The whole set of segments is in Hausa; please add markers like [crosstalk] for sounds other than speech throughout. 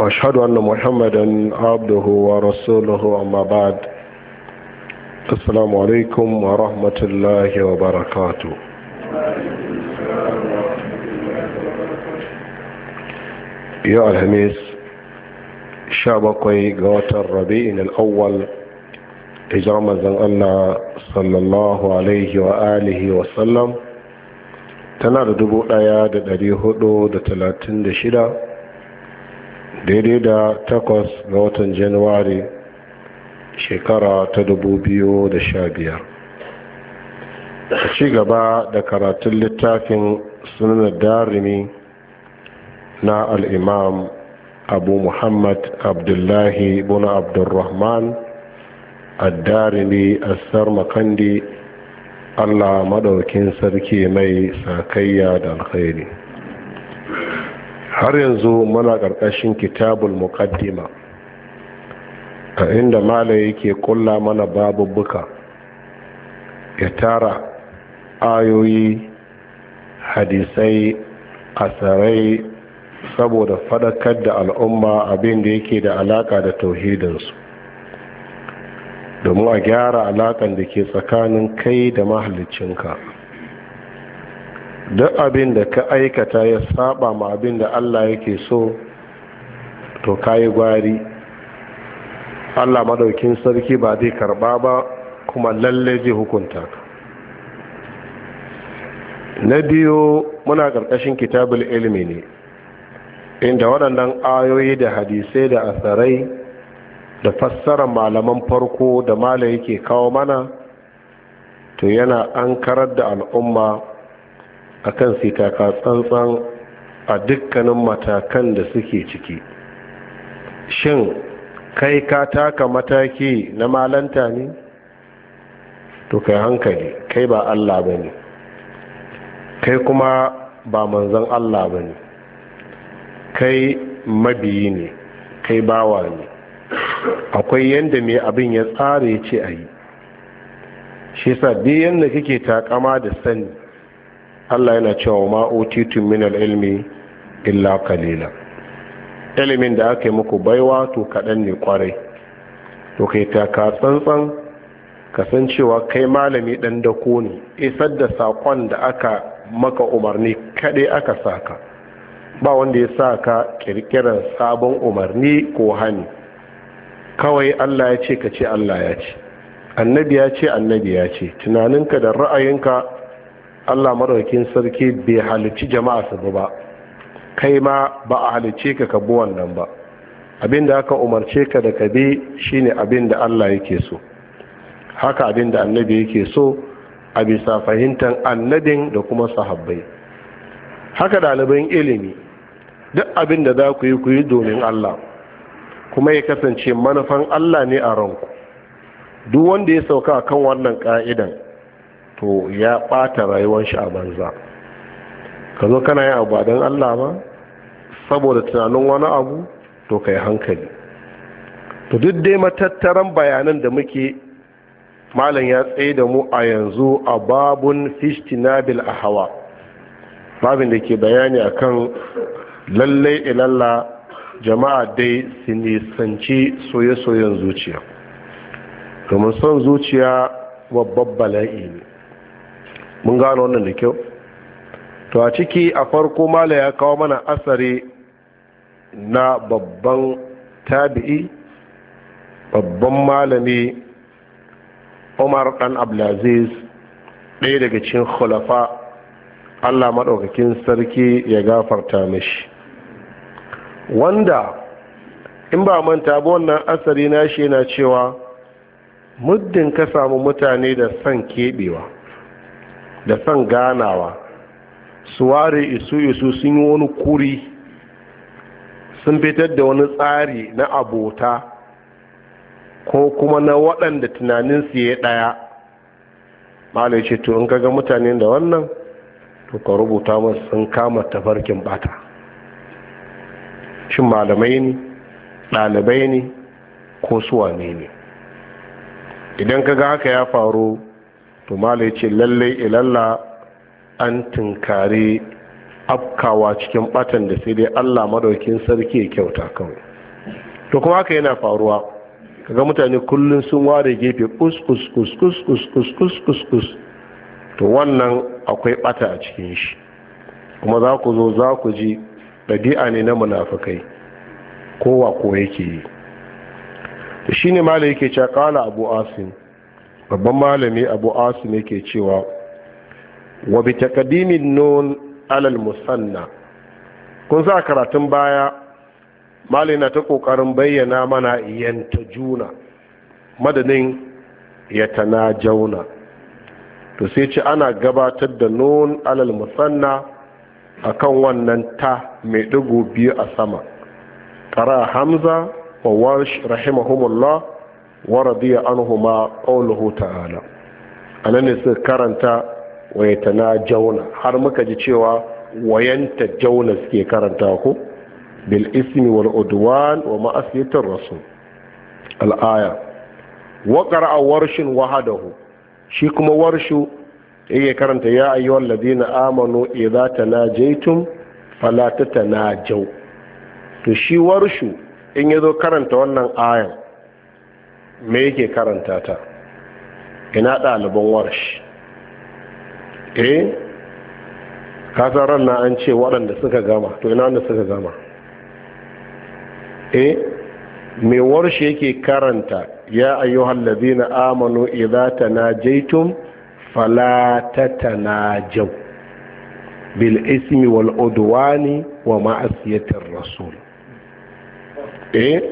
واشهد ان محمدا عبده ورسوله اما بعد السلام عليكم ورحمه الله وبركاته يا الهميس شابقي قوات الربيع الاول هجر مزن الله صلى الله عليه واله وسلم تنادى دبو ايا دا 436 daidai da takwas ga watan januwari shekara ta dubu biyu da sha biyar. a ci gaba da karatun littafin sunanar darimi na al'imam abu muhammad abdullahi buna abdurrahman addarimi assar makandi allah maɗaukin sarki mai sakayya da alkhairi har yanzu muna ƙarƙashin kitabul muqaddima a inda mala yake kulla mana babubuka ya tara ayoyi hadisai asarai saboda faɗakar da al'umma abin da yake da alaƙa da tauhidinsu domin a gyara alaƙan da ke tsakanin kai da mahallicinka duk abin da ka aikata ya saba ma abin da Allah yake so to kayi gwari Allah madaukin sarki ba zai karba ba kuma lalle zai hukunta ka na biyu muna ƙarƙashin kitabul ilmi ne inda waɗannan ayoyi da hadisai da asarai da fassarar malaman farko da mala yake kawo mana to yana an karar da al'umma akan kan taka tsantsan a dukkanin matakan da suke ciki shin kai ka taka mataki na malanta ne to kai hankali kai ba Allah ba ne kai kuma ba manzan Allah ba ne kai mabiyi ne kai bawa ne akwai yadda mai abin ya tsara ya ce a yi shi sa yadda kake takama da sani Allah yana cewa ma tun min ilmi illa kalila ilimin da aka yi muku baiwa to kaɗan ne kwarai to kai ta ka tsantsan kasancewa kai malami ɗan dako ne isar da saƙon da aka maka umarni kaɗai aka saka ba wanda ya sa ka ƙirƙirar sabon umarni ko hani kawai Allah ya ce ka ce Allah ya ce annabi ya ce annabi ya ce tunaninka da ra'ayinka Allah maraukin sarki bai halicci jama'a su ba kai ma ba a halicce ka kabu wannan ba abin da aka umarce ka da kabe shine abin da Allah yake so haka abin da annabi yake so a bisa fahimtar annabin da kuma sahabbai haka ɗaliban ilimi duk abin da za ku yi ku yi domin Allah kuma ya kasance manufan Allah ne a ranku duk wanda ya sauka kan wannan ka'idan to ya ɓata rayuwar shi a banza ka zo kana yi abu don Allah ba saboda tunanin wani abu to ka hankali to duk dai matattaran bayanan da muke malam ya tsaye da mu a yanzu a babun Fishtinabil a hawa babin da ke bayani akan lallai ilalla jama'a dai su nisanci soye-soyen zuciya domin son zuciya wa bala'i ne mun gano wannan da kyau to a ciki a farko mala ya kawo mana asari na babban tabi'i babban malami umar dan abdulaziz ɗaya daga cikin khulafa allah maɗaukakin sarki ya gafarta mishi wanda in ba manta ba wannan asari na shi yana cewa muddin ka samu mutane da son keɓewa da son ganawa su suware isu isu sun yi wani kuri sun fitar da wani tsari na abota ko kuma na waɗanda tunaninsu ya ɗaya ya ce to in kaga mutane da wannan to ka rubuta masu sun kama tafarkin bata shin malamai ne ɗalibai ne ko suwane ne idan kaga haka ya faru to mala ya ce lallai ilalla an tunkari afkawa cikin batan da sai dai allah madaukin sarki ya kyauta kawai to kuma haka yana faruwa kaga mutane kullum sun ware gefe kus to wannan akwai bata a cikin shi kuma za ku zo za ku ji ɗabi'a ne na munafukai kowa ko yake yi da shi ne mala yake cakala abu asin. babban malami abu asu ne ke cewa wa bi taqdimin nun alal musanna kun sa karatun baya malai na ta kokarin bayyana mana yanta juna madadin na jauna to sai ce ana gabatar da nun alal musanna akan wannan ta mai digo biyu a sama ƙara hamza wa warsh rahimahumullah waradiya anhu ma qawluhu ta'ala anan ne suka karanta wayatana jauna har muka ji cewa wayanta jauna suke karanta ko bil ismi wal udwan wa ma'asiyatir rasul al aya wa qara'a warshin wahadahu shi kuma warshu yake karanta ya ayyuhal ladina amanu idza tanajaytum fala tatanajaw to shi warshu in yazo karanta wannan ayan me yake karanta ta ina ɗaliban warsh? eh kasar ran na an ce waɗanda suka gama to ina wanda suka gama eh me warsh yake karanta ya ayyuhal ladina na jaitun falatata fala jau bil ismi wal udwani wa ma'asiyatar rasul eh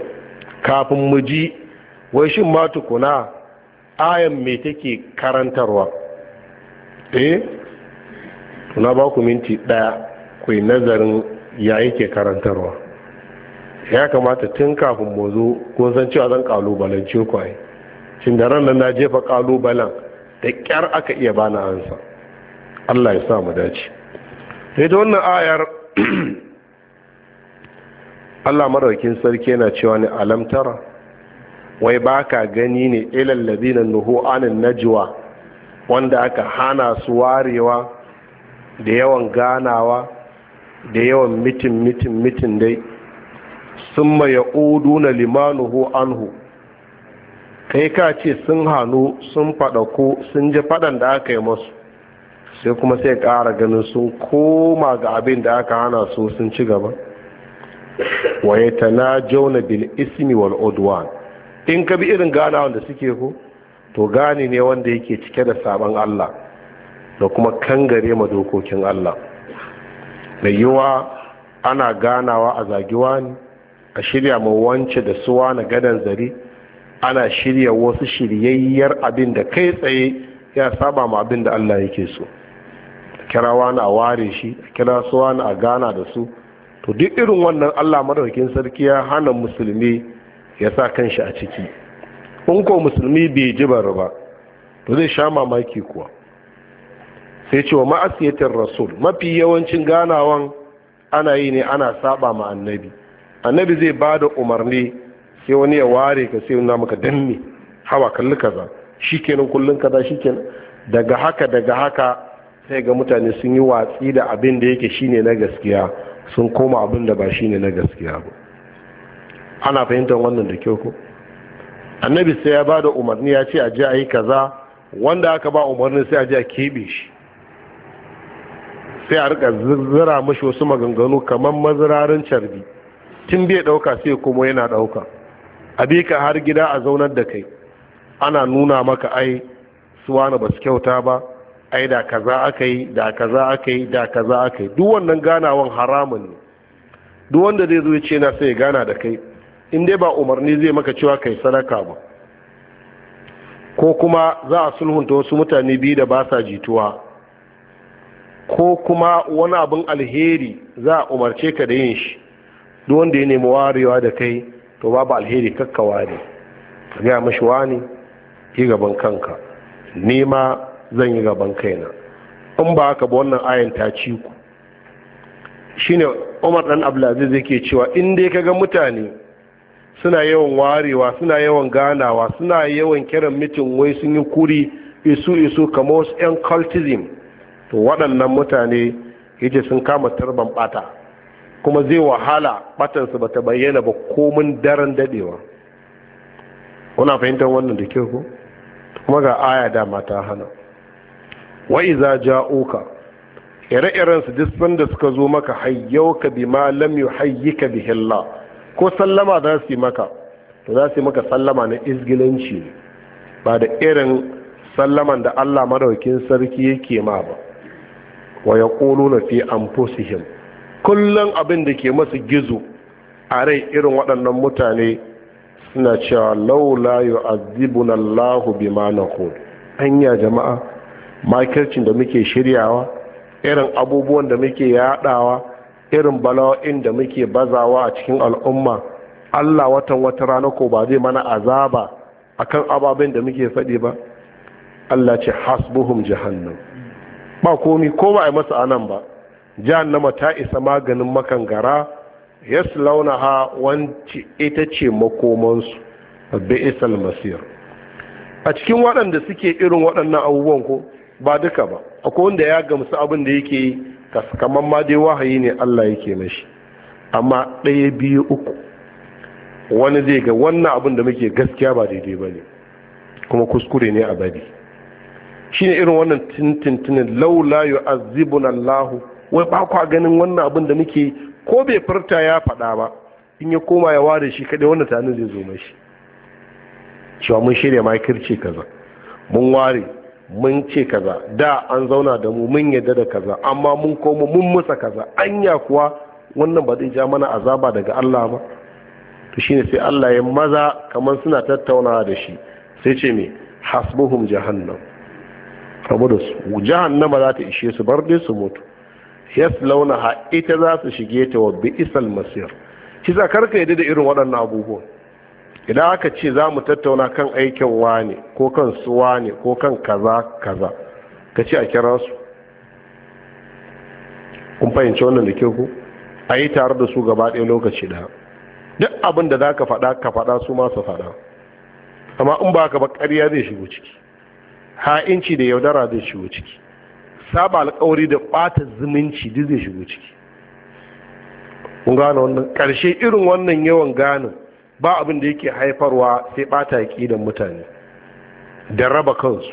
kafin mu ji wai shin ma tukuna ayan me take karantarwa eh tuna ba ku minti daya ku nazarin ya yake karantarwa ya kamata tun kafin mu zo kun san cewa zan kalubalance ku ai da ran nan na jefa kalubalen da kyar aka iya bani ansa Allah ya sa mu dace sai da wannan ayar [clears throat] Allah madaukin sarki yana cewa ne alamtara wai ba ka gani ne ilal ladina nuhu anin najwa wanda aka hana su warewa da yawan ganawa da yawan mitin mitin mitin dai sun ya uduna limanuhu anhu kai ka ce sun hannu sun ko sun ji faɗan da aka yi masu sai kuma sai ƙara ganin sun koma ga abin da aka hana su sun ci gaba waye ta na jauna bil ismi wal udwan in ka bi irin gana wanda suke ku to gane ne wanda yake cike da sabon Allah da kuma kangare ma dokokin Allah da yiwa ana ganawa a zagiwa ne a shirya ma wance da suwa na gadan zari ana shirya wasu shiryayyar abin da kai tsaye ya saba ma abin da Allah yake so kira wani a ware shi a kira su wani a gana da su to duk irin wannan Allah madaukin sarki ya hana musulmi ya sa kan shi a ciki in ko musulmi bai ji bari ba to zai sha mamaki kuwa sai cewa ma'asiyatin rasul mafi yawancin ganawan ana yi ne ana saba ma annabi annabi zai ba da umarni sai wani ya ware ka sai na maka danne hawa kalli kaza shikenan kullun kaza kenan daga haka daga haka sai ga mutane sun yi watsi da abin da yake shine na gaskiya sun koma abin da ba shine na gaskiya ba ana fahimtar wannan da kyau ko annabi sai ya bada umarni ya ce a je a yi kaza wanda aka ba umarni sai a je a keɓe shi sai a rika zira mashi wasu maganganu kamar mazirarin carbi tun bai ɗauka sai kuma yana ɗauka a bi har gida a zaunar da kai ana nuna maka ai suwana ba su kyauta ba ai da kaza aka yi da kaza aka yi da kaza aka yi duk wannan ganawan haramun ne duk wanda zai zo ya ce na sai ya gana da kai in dai ba umarni zai maka cewa kai sadaka ba ko kuma za a sulhunta wasu mutane biyu da ba sa jituwa ko kuma wani abin alheri za a umarce ka da yin shi duk wanda ya nemi warewa da kai to babu alheri kakkawa ware ka gaya mashi wani yi gaban kanka nema zan yi gaban kaina in ba haka ba wannan ayan ta ci ku shine umar dan abdulaziz yake cewa in dai ka ga mutane suna yawan warewa suna yawan ganawa suna yawan kiran mitin wai sun yi kuri isu isu kamar wasu 'yan cultism to waɗannan mutane yace sun kama tarban bata kuma zai wahala batansu bata bayyana ba komin daren dadewa kuna fahimtar wannan da kyau ko kuma ga aya da mata hana wa iza ja'uka ire-iren su duk sanda suka zo maka hayyauka ma lam yuhayyika bihi Allah ko sallama za su yi maka to za su yi maka sallama na izgilanci ba da irin sallaman da Allah madaukin sarki yake ma ba wa ya na fi amfosihim kullum abin da ke masu gizo a rai irin waɗannan mutane suna cewa laula yu'azzibuna Allahu ma naqul anya jama'a makircin da muke shiryawa irin abubuwan da muke yaɗawa. irin bala'o'in da muke bazawa a cikin al'umma Allah watan wata rana ko ba zai mana azaba akan ababen da muke faɗi ba Allah ce hasbuhum jahannam ba komi ko ba a yi masa anan ba jahannama ta isa maganin makangara ha wanci ita ce makomansu bi'sal masir a cikin waɗanda suke irin waɗannan abubuwan ko ba duka ba akwai wanda ya gamsu abin da yake yi kamar ma dai wahayi ne Allah yake mashi amma ɗaya biyu uku wani zai ga wannan abin da muke gaskiya ba daidai ba ne kuma kuskure ne a bari shi ne irin wannan tintintin laula yu azibun allahu wai ba kwa ganin wannan abin da muke ko bai furta ya faɗa ba in ya koma ya ware shi kaɗai wannan tanin zai zo mashi cewa mun shirya makirci kaza mun ware mun ce kaza da an zauna da mu mun yadda da kaza amma mun koma mun musa kaza anya kuwa wannan ba zai ja mana azaba daga Allah ba to shine sai Allah ya maza kamar suna tattaunawa da shi sai ce me hasbuhum jahannam rabu da su jahannama za ta ishe su bar dai su mutu launaha ita za su shige ta wa bi'sal masir kisa karka yadda da irin waɗannan abubuwan idan aka ce za mu tattauna kan aikin wane ko kan suwa ne ko kan kaza kaza ka ce a kira su kun fahimci wannan da ke ku a yi tare da su gaba ɗaya lokaci ɗaya duk abin da za ka faɗa ka faɗa su masu faɗa amma in ba ka ba ƙarya zai shigo ciki ha'inci da yaudara zai shigo ciki saba alƙawari da ɓata zumunci duk zai shigo ciki kun gane wannan ƙarshe irin wannan yawan ganin ba abin da yake haifarwa sai bata da mutane da raba kansu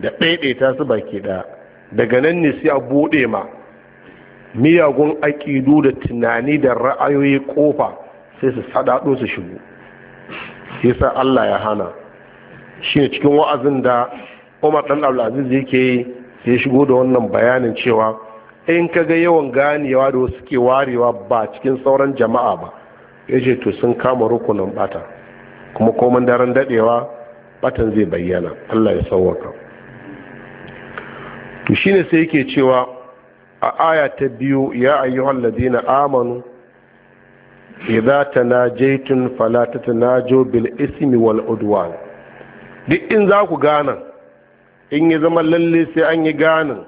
da ɗaiɗaita su baki ɗaya daga nan ne sai a buɗe ma miyagun aƙidu da tunani da ra'ayoyi ƙofa sai su saɗaɗo su shigo yasa Allah ya hana shi ne cikin wa'azin da Umar ɗan zai yake yi sai shigo da wannan bayanin cewa in ka ga yawan ganewa da wasu ke warewa ba cikin sauran jama'a ba ya ce to sun kama rukunin bata kuma komin daren dadewa batan zai bayyana allah ya sauwaka to shi ne sai yake cewa a aya ta biyu ya ayyuhal ladina amanu ta na idza tanajaytum fala jo bil ismi wal udwan duk in za ku gana in ya zama lalle sai an yi ganin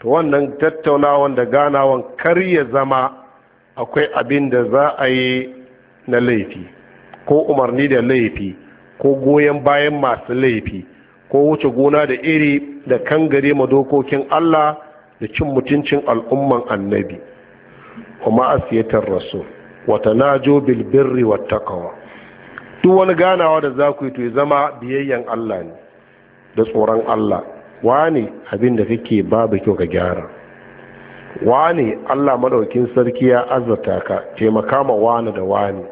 to wannan tattaunawan da ganawan kar ya zama akwai abin da za a yi na laifi ko umarni da laifi ko goyon bayan masu laifi ko wuce gona da iri da kangare ma dokokin Allah da cin mutuncin al'umman annabi kuma ma'asiyatar rasu wata jo bilbirri wata takawa duk wani ganawa da za ku yi to zama biyayyen Allah ne da tsoron Allah wani abin da kake babu kyau ka gyara wane allah madaukin sarki ya azurta ka taimaka ma wane da wane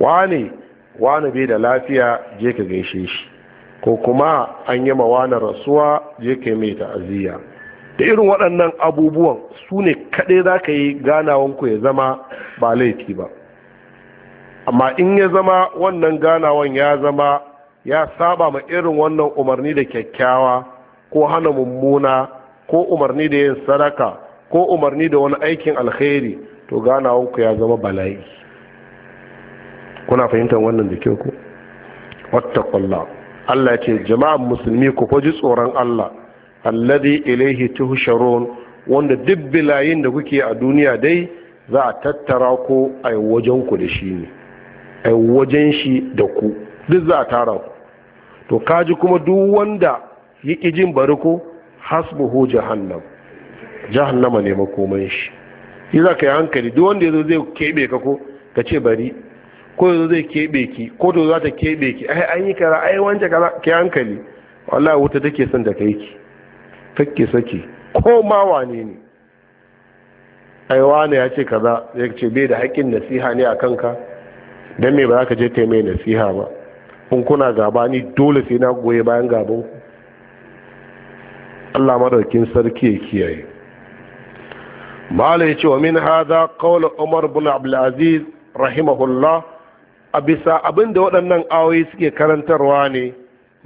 wane wane bai da lafiya je ka gaishe shi ko kuma an yi ma wane rasuwa je ka mai ta'aziyya da irin waɗannan abubuwan su ne kaɗai za ka yi ganawanku ya zama ba laifi ba amma in ya zama wannan ganawan ya zama ya saba ma irin wannan umarni da kyakkyawa ko hana mummuna ko umarni da yin sadaka ko umarni da wani aikin alkhairi to ganawanku ya zama bala'i kuna fahimtar wannan da kyau ku wattakwallah Allah ce jama'an musulmi ku faji tsoron Allah alladhi ilaihi tuhsharun wanda duk bilayin da kuke a duniya dai za a tattara ku a wajen ku da shi ne a wajen shi da ku duk za a tara ku to kaji kuma duk wanda yake jin bari ku hasbuhu jahannam jahannama ne makoman shi shi za ka yi hankali duk wanda zo zai keɓe ka ko ka ce bari ko zo zai keɓe ki ko to za ta keɓe ki ai an yi kaza ai wance kaza ki hankali wallahi wuta take son da kai ki take sake ko ma wane ne ai wane ya ce kaza ya ce bai da haƙƙin nasiha ne a kanka dan me ba za ka je yi mai nasiha ba kun kuna gaba ni dole sai na goye bayan gaban ku Allah madaukin sarki ya kiyaye malai ya ce wa min hada kawalin umar bin abdulaziz rahimahullah a bisa abin da waɗannan awoyi suke karantarwa ne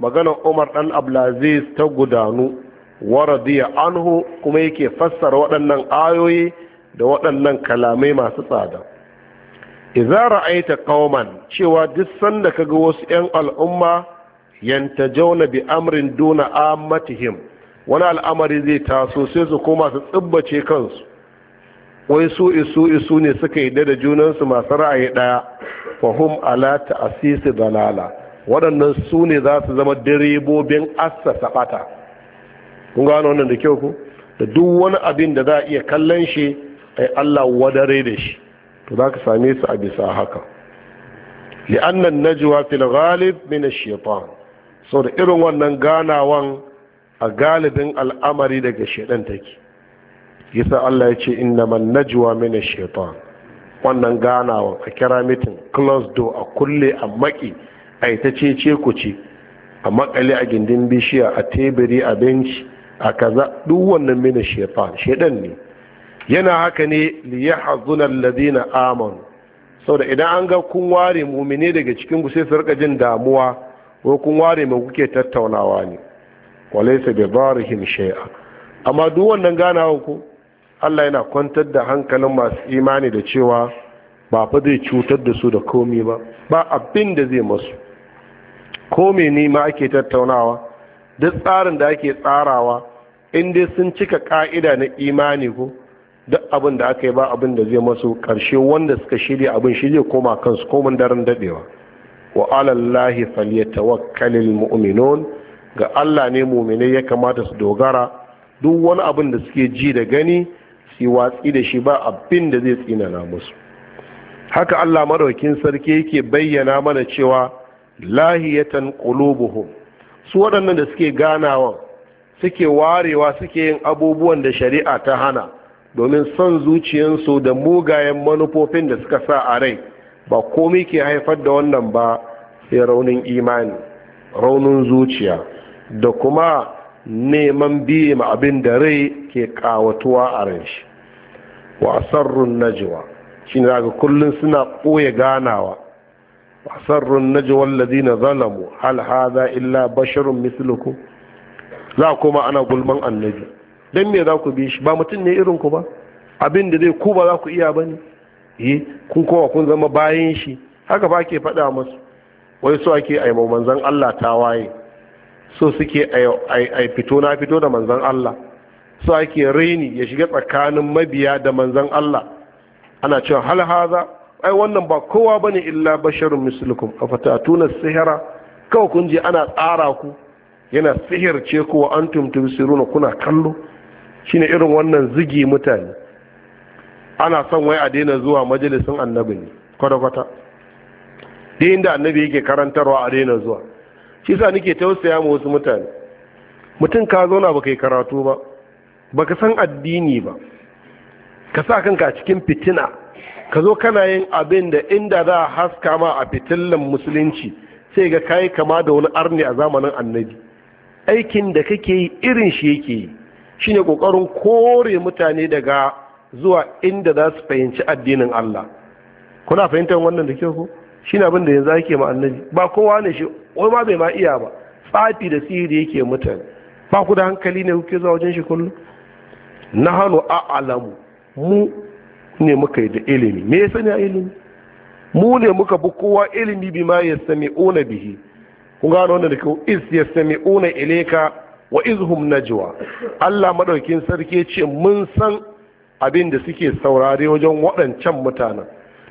maganar umar ɗan abdulaziz ta gudanu wa radiya anhu kuma yake fassara waɗannan ayoyi da waɗannan kalamai masu tsada idza ra'aita qauman cewa duk sanda kaga wasu 'yan al'umma yantajawna bi amrin duna ammatihim wani al'amari zai taso sai su koma su tsibbace kansu wai su isu isu ne suka yi da junansu masu ra'ayi ɗaya fahim ala Asisi dalala waɗannan su ne za su zama direbobin asa ɓata kun gano wannan da kyau ku da duk wani abin da za a iya kallon shi ai Allah wadare da shi to za ka same su a bisa haka li'annan najwa fil ghalib min ash-shaytan so da irin wannan ganawan a galibin al'amari daga shedan take yasa Allah ya ce innaman najwa min ash-shaytan wannan ganawa a kira mitin close door a kulle a maki a ita ce ce ku ce a makale a gindin bishiya a tebiri a benci a kaza duk wannan min ash-shaytan ne yana haka ne li yahzuna alladhina amanu saboda idan an ga kun ware mumine daga cikin ku sai su rika jin damuwa ko kun ware mu kuke tattaunawa ne walaysa bi zarihim shay'a amma duk wannan ganawa ku Allah yana kwantar da hankalin masu imani da cewa ba fa zai cutar da su da komi ba ba abin da zai masu ko ma ake tattaunawa duk tsarin da ake tsarawa inda sun cika ka'ida na imani ko duk abin da aka yi ba abin da zai masu karshe wanda suka shirya abin shirya zai koma kansu komin daren dadewa wa alallahi falyatawakkalul mu'minun ga Allah ne mu'mine ya kamata su dogara duk wani abin da suke ji da gani su watsi da shi ba abin da zai tsinana musu haka Allah madaukin sarki yake bayyana mana cewa lahiyatan qulubuhum su waɗannan da suke ganawa suke warewa suke yin abubuwan da shari'a ta hana domin son zuciyarsu da mugayen manufofin da suka sa a rai ba komai ke haifar da wannan ba sai raunin imani raunin zuciya da kuma neman biye ma abin da rai ke kawatuwa a ranshi wa asarrun najwa shine daga kullun suna ɓoye ganawa asarrun najwa alladhina zalamu hal hadha illa basharun mislukum za kuma ana gulman annabi dan me za ku bi shi ba mutum ne irin ku ba abin da zai ku ba za ku iya bane eh kun kowa kun zama bayan shi haka ba ke faɗa musu wai so ake aimo manzan Allah tawaye so suke ai fito na fito da manzon Allah su ake raini ya shiga tsakanin mabiya da manzan Allah ana cewa hal haza ai wannan ba kowa bane illa basharun mislukum afatatuna sihira kawai kun je ana tsara ku yana sihir ce ko antum tubsiruna kuna kallo shine irin wannan zigi mutane ana son wai a daina zuwa majalisin annabi ne kwata-kwata duk inda annabi yake karantarwa a daina zuwa shi sa nake tausaya ma wasu mutane mutum ka zauna baka karatu ba Ba ka san addini ba ka sa kanka a cikin fitina ka zo kana yin abin da inda za a haska ma a fitilan musulunci sai ga kayi kama da wani arni a zamanin annabi aikin da kake yi irin shi yake yi shine kokarin kore mutane daga zuwa inda za su fahimci addinin Allah kuna fahimtar wannan da kyau ko shine abin da yanzu ake ma annabi ba kowa ne shi wai ma bai ma iya ba tsafi da sihiri yake mutane ba ku da hankali ne kuke zuwa wajen shi kullum na hannu a alamu mu ne muka yi da ilimi me ya sani a ilimi mu ne muka bi kowa ilimi bi ma ya sami ona bihi kun gano wanda da kyau is ya sami ona ileka wa izhum najwa Allah madaukin sarki ya ce mun san abin da suke saurare wajen waɗancan mutanen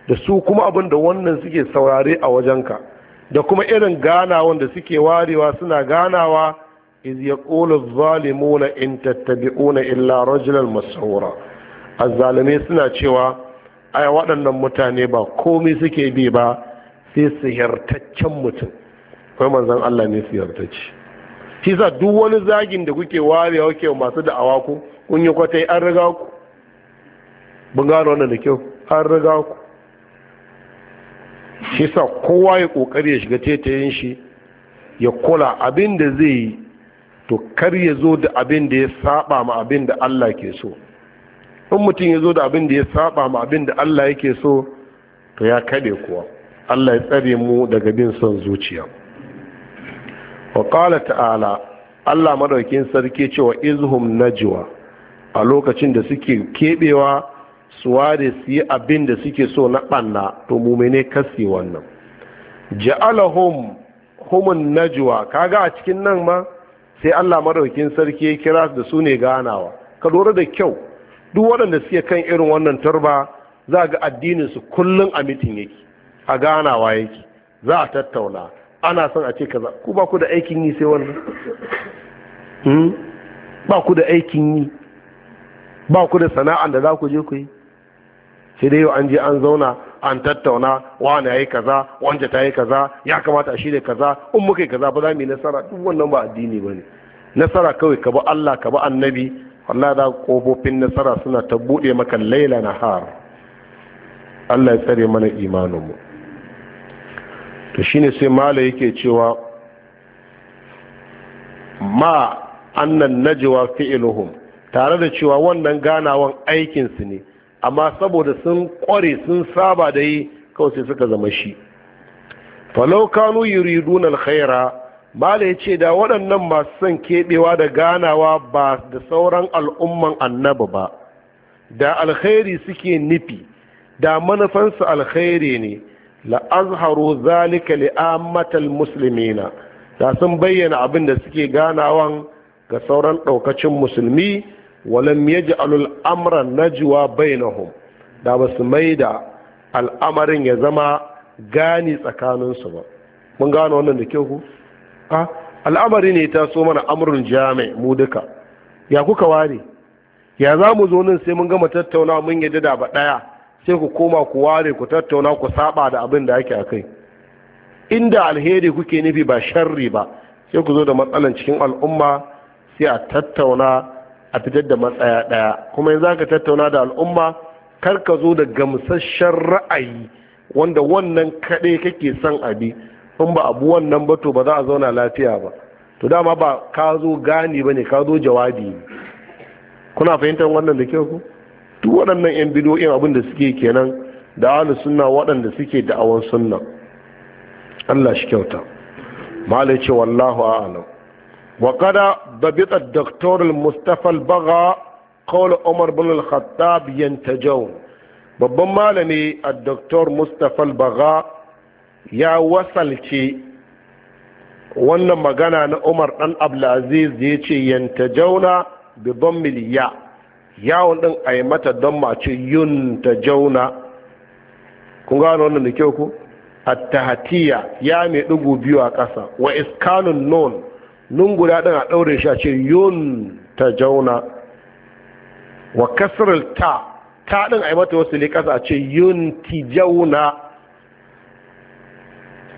da su kuma abin da wannan suke saurare a wajenka da kuma irin ganawan da suke warewa suna ganawa iz yaqulu adh-dhalimuna in tattabi'una illa rajulan mas'ura azzalimai suna cewa ai waɗannan mutane ba komai suke bi ba sai sihirtaccen mutum kai manzon Allah ne sihirtacce shi sa duk wani zagin da kuke warewa kuke masu da'awa kun yi kwatai an riga ku bin gano wannan da kyau an riga ku shi sa kowa ya kokari ya shiga tetayen shi ya kula abin da zai yi to kar ya zo da abin da ya saba ma abin da Allah ke so in mutum ya zo da abin da ya saba ma abin da Allah yake so to ya kade kuwa Allah ya tsare mu daga bin son zuciya wa qala ta'ala Allah madaukin sarki cewa izhum najwa a lokacin da suke kebewa su ware su yi abin da suke so na banna to mene kasi wannan ja'alahum humun najwa kaga a cikin nan ma sai Allah madaukin sarki ya kira da su ne ganawa ka lura da kyau duk waɗanda suke kan irin wannan turba za ga addinin su kullun a mitin yake a ganawa yake za a tattauna ana son a ce kaza ku ba ku da aikin yi sai wannan hmm? ba ku da aikin yi ba ku da sana'an da za ku je ku yi sai dai yau an je an zauna an tattauna wani yayi kaza wanda ta yi kaza ya kamata a shirya kaza in muka yi kaza ba za mu yi nasara duk wannan ba addini bane nasara kawai ka bi Allah ka bi annabi wallahi da kofofin nasara suna ta buɗe maka laila har Allah ya tsare mana imanin mu to shine sai mala yake cewa ma annan najwa fi'luhum tare da cewa wannan ganawan aikinsu ne amma saboda sun ƙware sun saba da yi kawai sai suka zama shi falau kanu yuridun alkhaira da ya ce da waɗannan masu son keɓewa da ganawa ba da sauran al'umman annabi ba da alkhairi suke nufi da manufansu alkhairi ne la'azharu zalika li'ammatal muslimina da sun bayyana abin da suke ganawan ga sauran ɗaukacin musulmi ولم يجعل amra na بينهم da ba su الامر al'amarin ya zama تسكانن tsakaninsu ba mun wannan da kyau ku Ah. al'amari ne ta so mana amrun jami mu duka ya kuka ware ya za mu zo nan sai mun gama tattauna mun yadda da ba daya sai ku koma ku ware ku tattauna ku saba da abin da ake akai inda alheri kuke nufi ba sharri ba sai ku zo da matsalan cikin al'umma sai a tattauna a fitar da matsaya ɗaya kuma yanzu ka tattauna da al'umma kar ka zo da gamsasshen ra'ayi wanda wannan kaɗai kake son abi in ba abu wannan ba to ba za a zauna lafiya ba to dama ba ka zo gane ba ne ka zo jawabi ne kuna fahimtar wannan da kyau ku duk waɗannan yan bidiyoyin abin da suke kenan da ahlus sunna waɗanda suke awon sunna Allah shi kyauta malai ce wallahu a'lam وقد ضبط الدكتور المصطفى البغا قول عمر بن الخطاب ينتجون babban malami a doktor mustapha baga ya wasalce wannan magana na umar dan abdulaziz da ya ce yanta jauna bibban miliya yawon din a yi mata don mace yun ta jauna kun gano wannan da kyau ku attahatiya ya mai ɗigo biyu a ƙasa wa iskanun non Nun guda ɗin a ɗaure shi a ce yun ta jauna wa kasarar ta ta ɗin a yi mata wasu likasa a ce yun ti jauna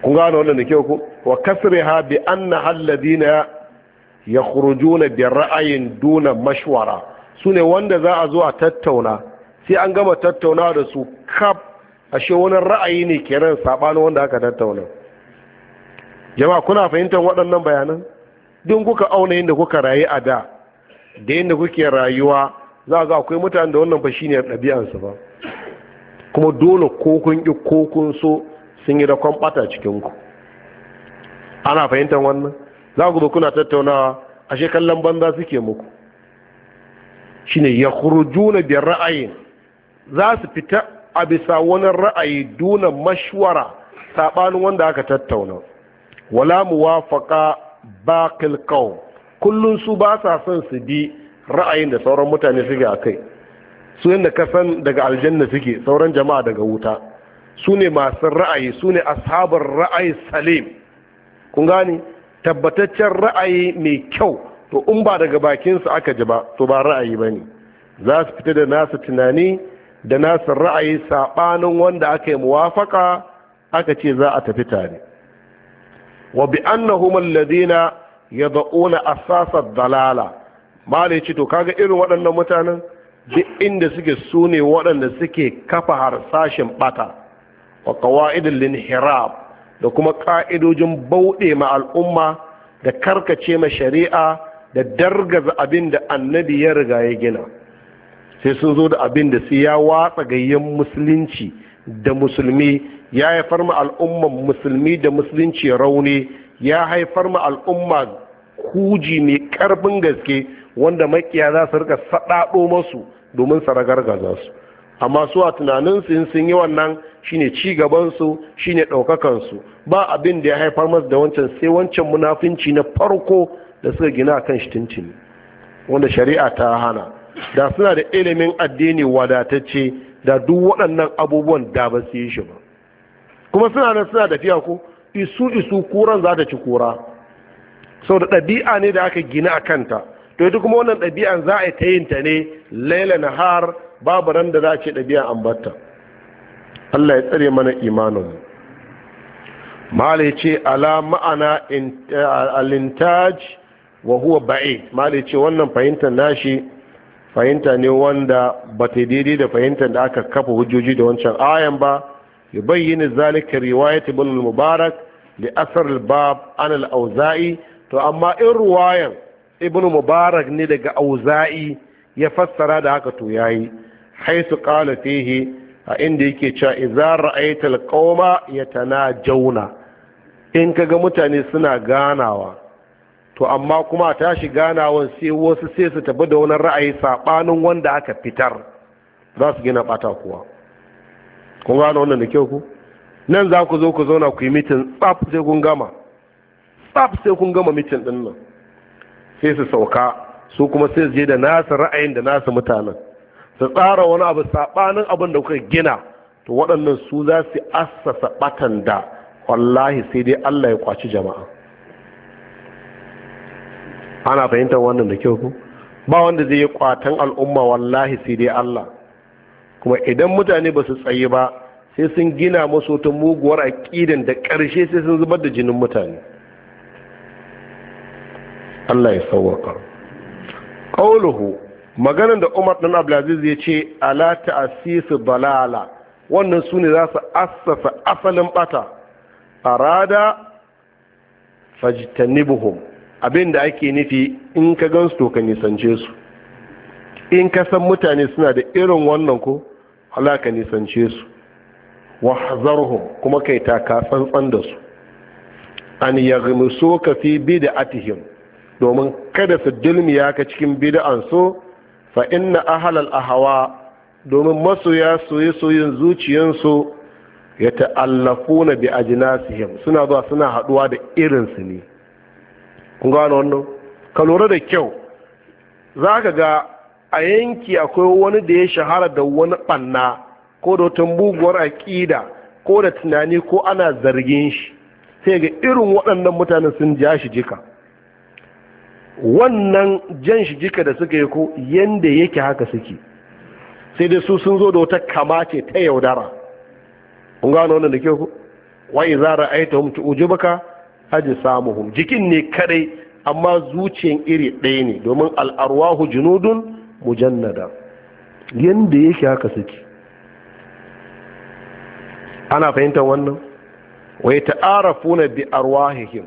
kun gano wannan da kyau ku wa kasirar ha bi an na na ya na bi ra'ayin duna mashwara su ne wanda za a zo a tattauna sai an gama tattauna da su kaf ashe wani ra'ayi ne kenan sabanin wanda aka tattauna jama'a kuna fahimtar waɗannan bayanan don kuka auna yadda kuka rayu a da da yadda kuke rayuwa za ga akwai mutane da wannan ba shine ɗabi'ansu ba kuma dole ko kun ƙi ko kun so sun yi rakon ɓata cikinku ana fahimtar wannan za ku kuna tattaunawa a shekallan banza suke muku shine ya juna biyar ra'ayin za su fita a bisa wani ra'ayi duna mashwara saɓanin wanda aka tattauna wala muwafaqa baƙil qaum kullum su ba sa son su bi ra'ayin da sauran mutane suke a kai su yadda ka san daga aljanna suke sauran jama'a daga wuta su ne masu ra'ayi su ne ashabar ra'ayi salim kun gani tabbataccen ra'ayi mai kyau to in ba daga bakinsu aka ji ba to ba ra'ayi ba ne za su fita da nasu tunani da nasu ra'ayi saɓanin wanda aka yi muwafaka aka ce za a tafi tare wa bi annahum alladhina yad'una asasa dalala mala ce to kaga irin waɗannan mutanen duk inda suke sune waɗanda suke kafa harsashin bata wa qawaidul linhirab da kuma ka'idojin bauɗe ma al'umma da karkace ma shari'a da dargaza abinda annabi ya riga ya gina sai sun zo da abin da sai ya watsa gayyan musulunci da musulmi ya haifar ma al'umman musulmi da musulunci rauni ya haifar ma al'umma kuji mai karfin gaske wanda makiya za su rika saɗaɗo masu domin saragargaza su amma su a tunaninsu in sun yi wannan shine ci gabansu shine su ba abin da ya haifar masu da wancan sai wancan munafinci na farko da suka gina a kan shi tuntuni wanda shari'a ta hana da suna da ilimin addini wadatacce da duk waɗannan abubuwan da ba su yi shi ba kuma suna nan suna tafiya ko isu isu kuran za ta ci kura sau da ɗabi'a ne da aka gina a kanta to yi kuma wannan ɗabi'an za a yi ta yin ta ne laila na har babu ran da za a ce ɗabi'a ambata Allah ya tsare mana imaninmu mala ya ce ala ma'ana alintaj wa huwa ba'i mala ce wannan fahimtar nashi fahimta ne wanda ba ta daidai da fahimtar da aka kafa hujjoji da wancan ayan ba yubayyin zalika riwayat ibn al-mubarak li al-bab an auzai to amma in ruwayan ibn mubarak ne daga auza'i ya fassara da haka to yayi haisu qala fihi a inda yake cewa idza ra'aita al-qauma yatanajawna in ka ga mutane suna ganawa to amma kuma tashi ganawan sai wasu sai su tafi da wani ra'ayi saɓanin wanda aka fitar za su gina bata kuwa kun gano wannan da kyau ku nan za ku zo ku zauna ku yi mitin tsaf sai kun gama tsaf sai kun gama mitin din nan sai su sauka su kuma sai su je da nasu ra'ayin da nasu mutanen su tsara wani abu sabanin abin da kuka gina to waɗannan su za su assasa batan da wallahi sai dai Allah ya kwaci jama'a ana fahimtar wannan da kyau ku ba wanda zai yi kwatan al'umma wallahi sai dai Allah kuma idan mutane ba su tsaye ba sai sun gina masu ta muguwar aƙidan da ƙarshe sai sun zubar da jinin mutane Allah ya sauwaka ƙauluhu maganar da umar ɗan abdulaziz ya ce ala ta'asisu balala wannan su ne za su asasa asalin bata arada Fajitannibuhum, abin da ake nufi in ka gansu to ka nisance su in ka san mutane suna da irin wannan ko Allah ka nisance su wahzarhum kuma kai taka tsantsan da su an ka fi bid'atihim domin kada su dulmiya ka cikin bid'an su fa inna ahlal ahwa domin masoya soye zuciyarsu zuciyansu ya ta'allafuna bi ajnasihim suna zuwa suna haduwa da irinsu ne kun gano wannan ka lura da kyau za ka ga a yanki akwai wani da ya shahara da wani ɓanna ko da wata muguwar aƙida ko da tunani ko ana zargin shi sai ga irin waɗannan mutanen sun ja shi jika wannan jan shi jika da suka yi ko yanda yake haka suke sai dai su sun zo da wata kama ta yaudara kun gano wannan da ke ku wa iza ra'aytahum tu'jibuka samuhum jikin ne kadai amma zuciyan iri ɗaya ne domin al'arwahu junudun mujannada yadda yake haka suke ana fahimtar wannan wai ta'arafuna bi arwahihim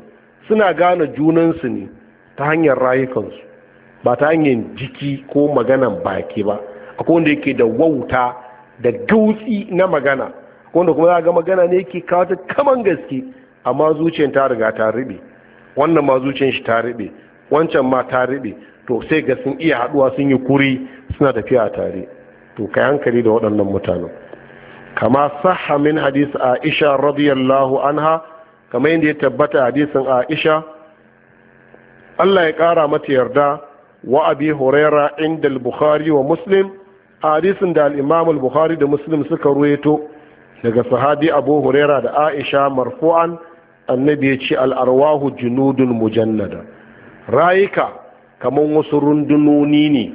suna gane junansu ne ta hanyar rayukansu ba ta hanyar jiki ko maganan baki ba akwai wanda yake da wauta da gautsi na magana wanda kuma za ga magana ne yake kawo ta kaman gaske amma zuciyar ta riga ta ribe wannan ma zuciyar shi ta ribe wancan ma ta ribe to sai ga sun iya haduwa sun yi kuri suna tafiya a tare to kai hankali da waɗannan mutanen kama sahha min hadis aisha radiyallahu anha kamar inda ya tabbata hadisin aisha Allah ya ƙara mata yarda wa abi huraira inda al-bukhari wa muslim hadisin da al-imam al-bukhari da muslim suka ruwaito daga sahabi abu huraira da aisha marfu'an annabi ya ce al-arwahu junudun mujannada rayuka kamar wasu rundunoni ne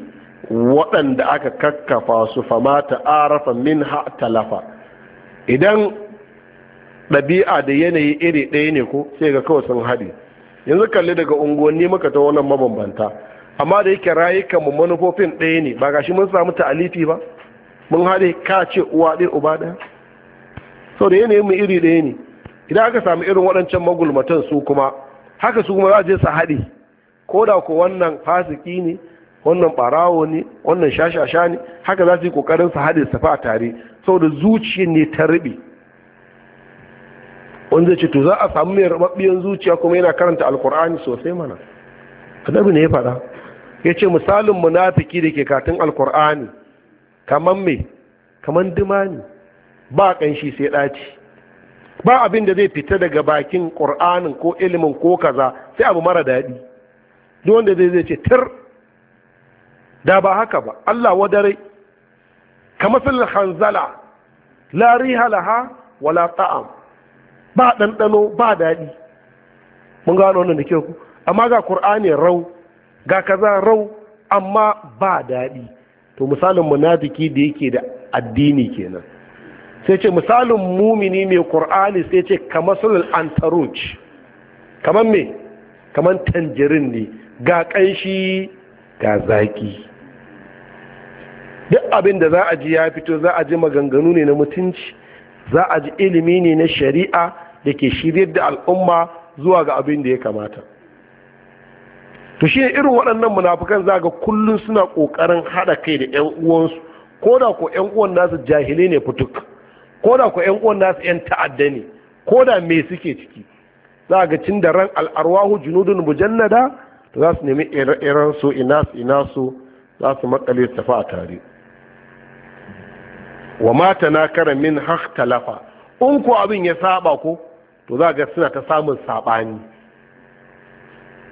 waɗanda aka kakkafa su fama ta arafa min ha talafa idan ɗabi'a da yanayi iri ɗaya ne ko sai ga kawai sun haɗe yanzu kalli daga unguwanni muka ta wannan mabambanta amma da yake rayuka mu manufofin ɗaya ne ba ga shi mun samu ta'alifi ba mun haɗe ka ce uwa ɗaya uba ɗaya sau da yanayin mu iri ɗaya ne idan aka samu irin waɗancan magulmatan su kuma haka su kuma za je su haɗe koda da ko wannan fasiki ne wannan barawo ne wannan shashasha ne haka za su yi kokarin su hade safa a tare saboda zuciya ne ta riɓe wanda ce to za a samu mai rubabbiyan zuciya kuma yana karanta alkur'ani sosai mana annabi ne ya faɗa ya misalin munafiki da ke katin alkur'ani kamar mai kamar dumani ba ƙanshi sai daci ba abin da zai fita daga bakin qur'anin ko ilimin ko kaza sai abu mara daɗi duk wanda zai zai ce tir da ba haka ba Allah wadare kamar sulul hanzala la riha laha wala ta'am ba ɗanɗano ba daɗi mun ga wannan da ke ku amma ga qur'ani rau ga kaza rau amma ba daɗi to misalin munafiki da yake da addini kenan sai ce misalin mumini mai qur'ani sai ce kamar sulul antaruj kamar me kamar tanjirin ne ga ƙanshi ga zaƙi duk abin da za a ji ya fito za a ji maganganu ne na mutunci za a ji ilimi ne na shari'a da ke shiryar da al'umma zuwa ga abin da ya kamata to shi ne irin waɗannan munafukan za ga kullum suna ƙoƙarin haɗa kai da 'yan uwansu ko da ko 'yan uwan nasu jahilai ne fituk ko da ko 'yan uwan nasu 'yan ta'adda ne ko da me suke ciki za ga cin da ran al'arwahu junudun mujannada to za su nemi ire su ina su ina su za su makale su tafi a tare wa mata na kara min talafa in ko abin ya saba ko to za ga suna ta samun saɓani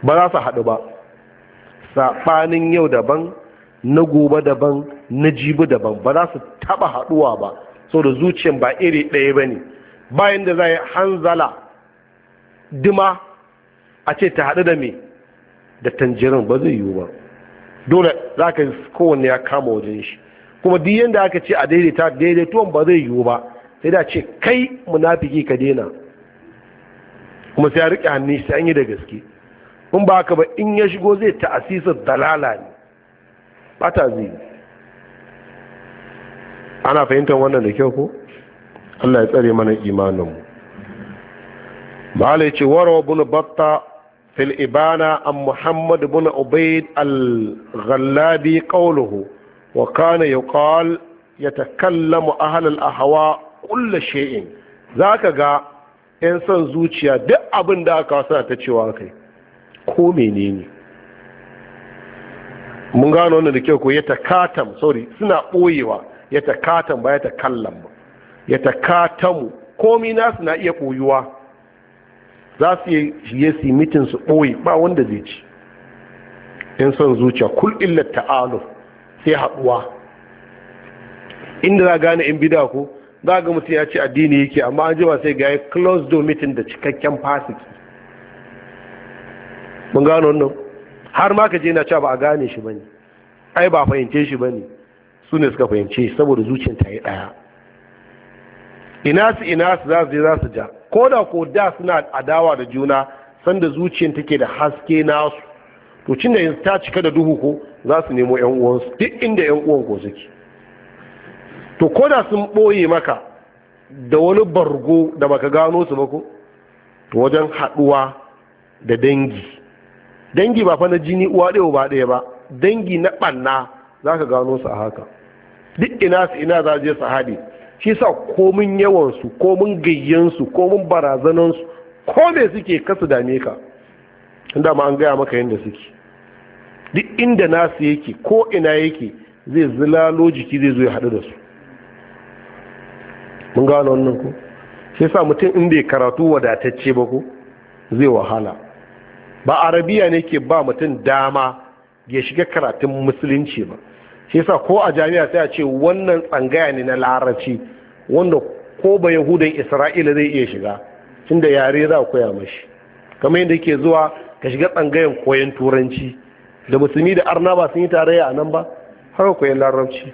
ba za su haɗu ba saɓanin yau daban na gobe daban na jibi daban ba za su taɓa haɗuwa ba sau da zuciyan ba iri ɗaya ba ne bayan da za yi hanzala dima a ce ta haɗu da me da tanjirin ba zai yiwu ba dole za ka kowanne ya kama wajen shi kuma duk yadda aka ce a daidaita daidaituwan ba zai yiwu ba sai da ce kai munafiki ka daina kuma sai ya riƙe hannu sai an yi da gaske in ba haka ba in ya shigo zai ta'asisa dalala ne bata zai ana fahimtar wannan da kyau ko Allah ya tsare mana imanin mu. ba ce warawa bunu batta في الإبانة عن محمد بن عبيد الغلابي قوله وكان يقال يتكلم أهل الأهواء كل شيء ذاك قا إن son zuciya duk abin da aka suna ta cewa kai ko menene mun gano wannan da kyau ko ya takatam ɓoyewa ya takatam ba ya takallam nasu na iya ɓoyuwa za su yi su mitin su ɓoye ba wanda zai ci in son zuciya kul illar ta'alu sai haɗuwa inda za gane in bida ko za ga mutum ya ce addini yake amma an jima sai ga ya close door meeting da cikakken fasiki mun gano wannan har ma ka je na cewa ba a gane shi bane ai ba fahimce shi bane su ne suka fahimce saboda zuciyar ta yi ɗaya ina su ina su za su je za su ja ko da ko da suna adawa da juna sanda zuciyar take da haske nasu to cin da ta cika da duhu ko za su nemo yan uwansu duk inda yan uwan ko suke to ko da sun ɓoye maka da wani bargo da baka gano su ba ko to wajen haɗuwa da dangi dangi ba fa na jini uwa ɗaya ba ɗaya ba dangi na ɓanna za ka gano su a haka duk ina su ina za je su shi sa komin yawansu komin gayyansu komin barazanansu ko me suke kasu dame ka inda ma an gaya maka yadda suke duk inda nasu yake ko ina yake zai zilalo jiki zai zo ya haɗu da su mun gano wannan ku sai sa mutum in bai karatu wadatacce ba ku zai wahala ba arabiya ne ke ba mutum dama ya shiga karatun musulunci ba shi sa ko a jami'a sai a ce wannan tsangaya ne na larabci wanda ko ba yahudan isra'ila zai iya shiga tunda yare za a koya mashi kamar yadda ke zuwa ka shiga tsangayen koyon turanci da musulmi da arna ba sun yi tarayya a nan ba haka koyon larabci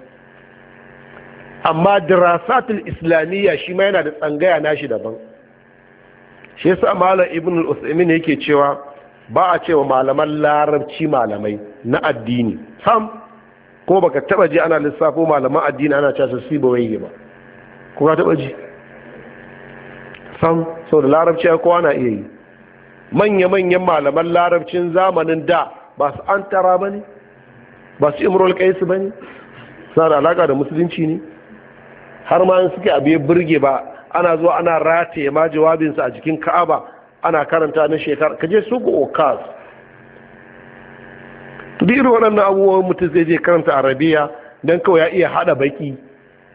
amma dirasatul islamiyya shi ma yana da tsangaya nashi daban shi yasa malam ibn al-usaimin yake cewa ba a cewa malaman larabci malamai na addini sam kuma baka taba ji ana lissafo malaman addini ana cewa sai ba wai ba ko ka taba ji sam sau da larabci ya kowa na iya yi manya-manyan malaman larabcin zamanin da ba su an tara ba ne ba su imrol kaisu ba ne suna da alaka da musulunci ne har ma in suke abiye burge ba ana zuwa ana rataye ma jawabinsa a jikin ka'aba ana karanta na shekara kaje su go okas duk irin waɗannan abubuwan mutum zai je karanta arabiya don kawai ya iya haɗa baki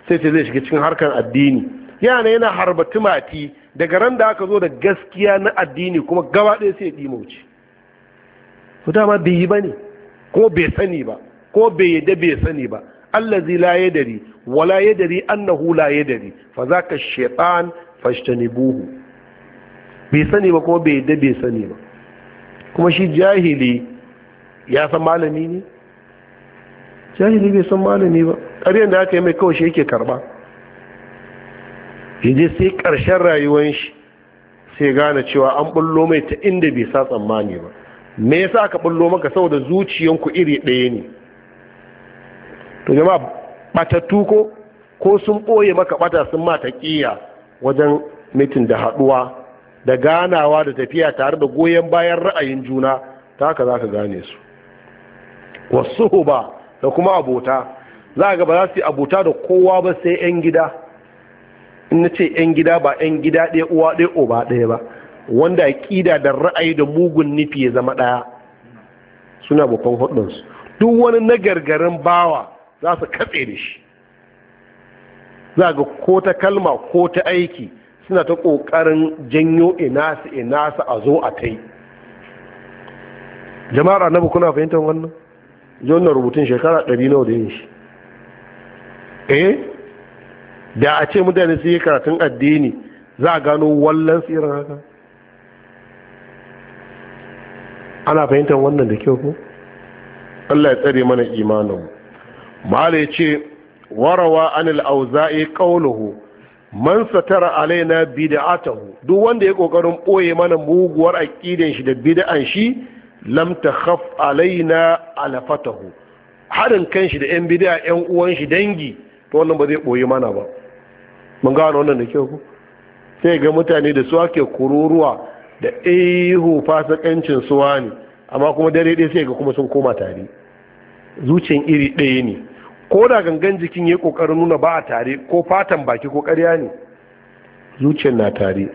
sai sai zai shiga cikin harkar addini yana yana harba tumati daga ran da aka zo da gaskiya na addini kuma gaba ɗaya sai ya ɗimauci ko dama bai yi ba ne ko bai sani ba ko bai yadda bai sani ba Allah allazi la dari, wala dari, annahu la dari, fa za zaka shaytan fashtanibuhu bai sani ba ko bai yadda bai sani ba kuma shi jahili ya san malami ne jahili bai san malami ba ƙaryar da aka yi mai kawai shi yake karba yaje sai ƙarshen rayuwar shi sai gane cewa an bullo mai ta inda bai sa tsammani ba me ya sa aka bullo maka saboda zuciyanku iri ɗaya ne to jama'a ɓatattu ko ko sun ɓoye maka ɓata sun mata ƙiya wajen mitin da haɗuwa da ganawa da tafiya tare da goyon bayan ra'ayin juna ta haka za ka gane su wasu ba da kuma abota za ga ba za su yi abota da kowa ba sai 'yan gida in na ce 'yan gida ba 'yan gida ɗaya uwa ɗaya oba ɗaya ba wanda ƙida da ra'ayi da mugun nufi ya zama ɗaya suna babban hudunsu duk wani nagargarin bawa za su katse da shi za ga ko ta kalma ko ta aiki suna ta ƙoƙarin janyo ina su ina su a zo a ta yi jama'ar kuna fahimtar wannan jonna rubutun shekara ɗari nawa da yin shi eh da a ce mutane su yi karatun addini za a gano wallon tsirin haka ana fahimtar wannan da kyau ko Allah ya tsare mana imanin mala ce warawa anil auza'i qawluhu man satara alaina bida'atahu duk wanda ya kokarin boye mana muguwar aqidan shi da bid'an shi lam takhaf alaina alafatahu harin shi da yan bid'a yan uwan shi dangi to wannan ba zai boye mana ba mun gano wannan da kyau ku sai ga mutane da su ake kururuwa da ihu fasikancin suwa ne amma kuma dare ɗaya sai ga kuma sun koma tare zuciyan iri ɗaya ne ko da gangan jikin ya kokarin nuna ba a tare ko fatan baki ko ƙarya ne Zuciyan na tare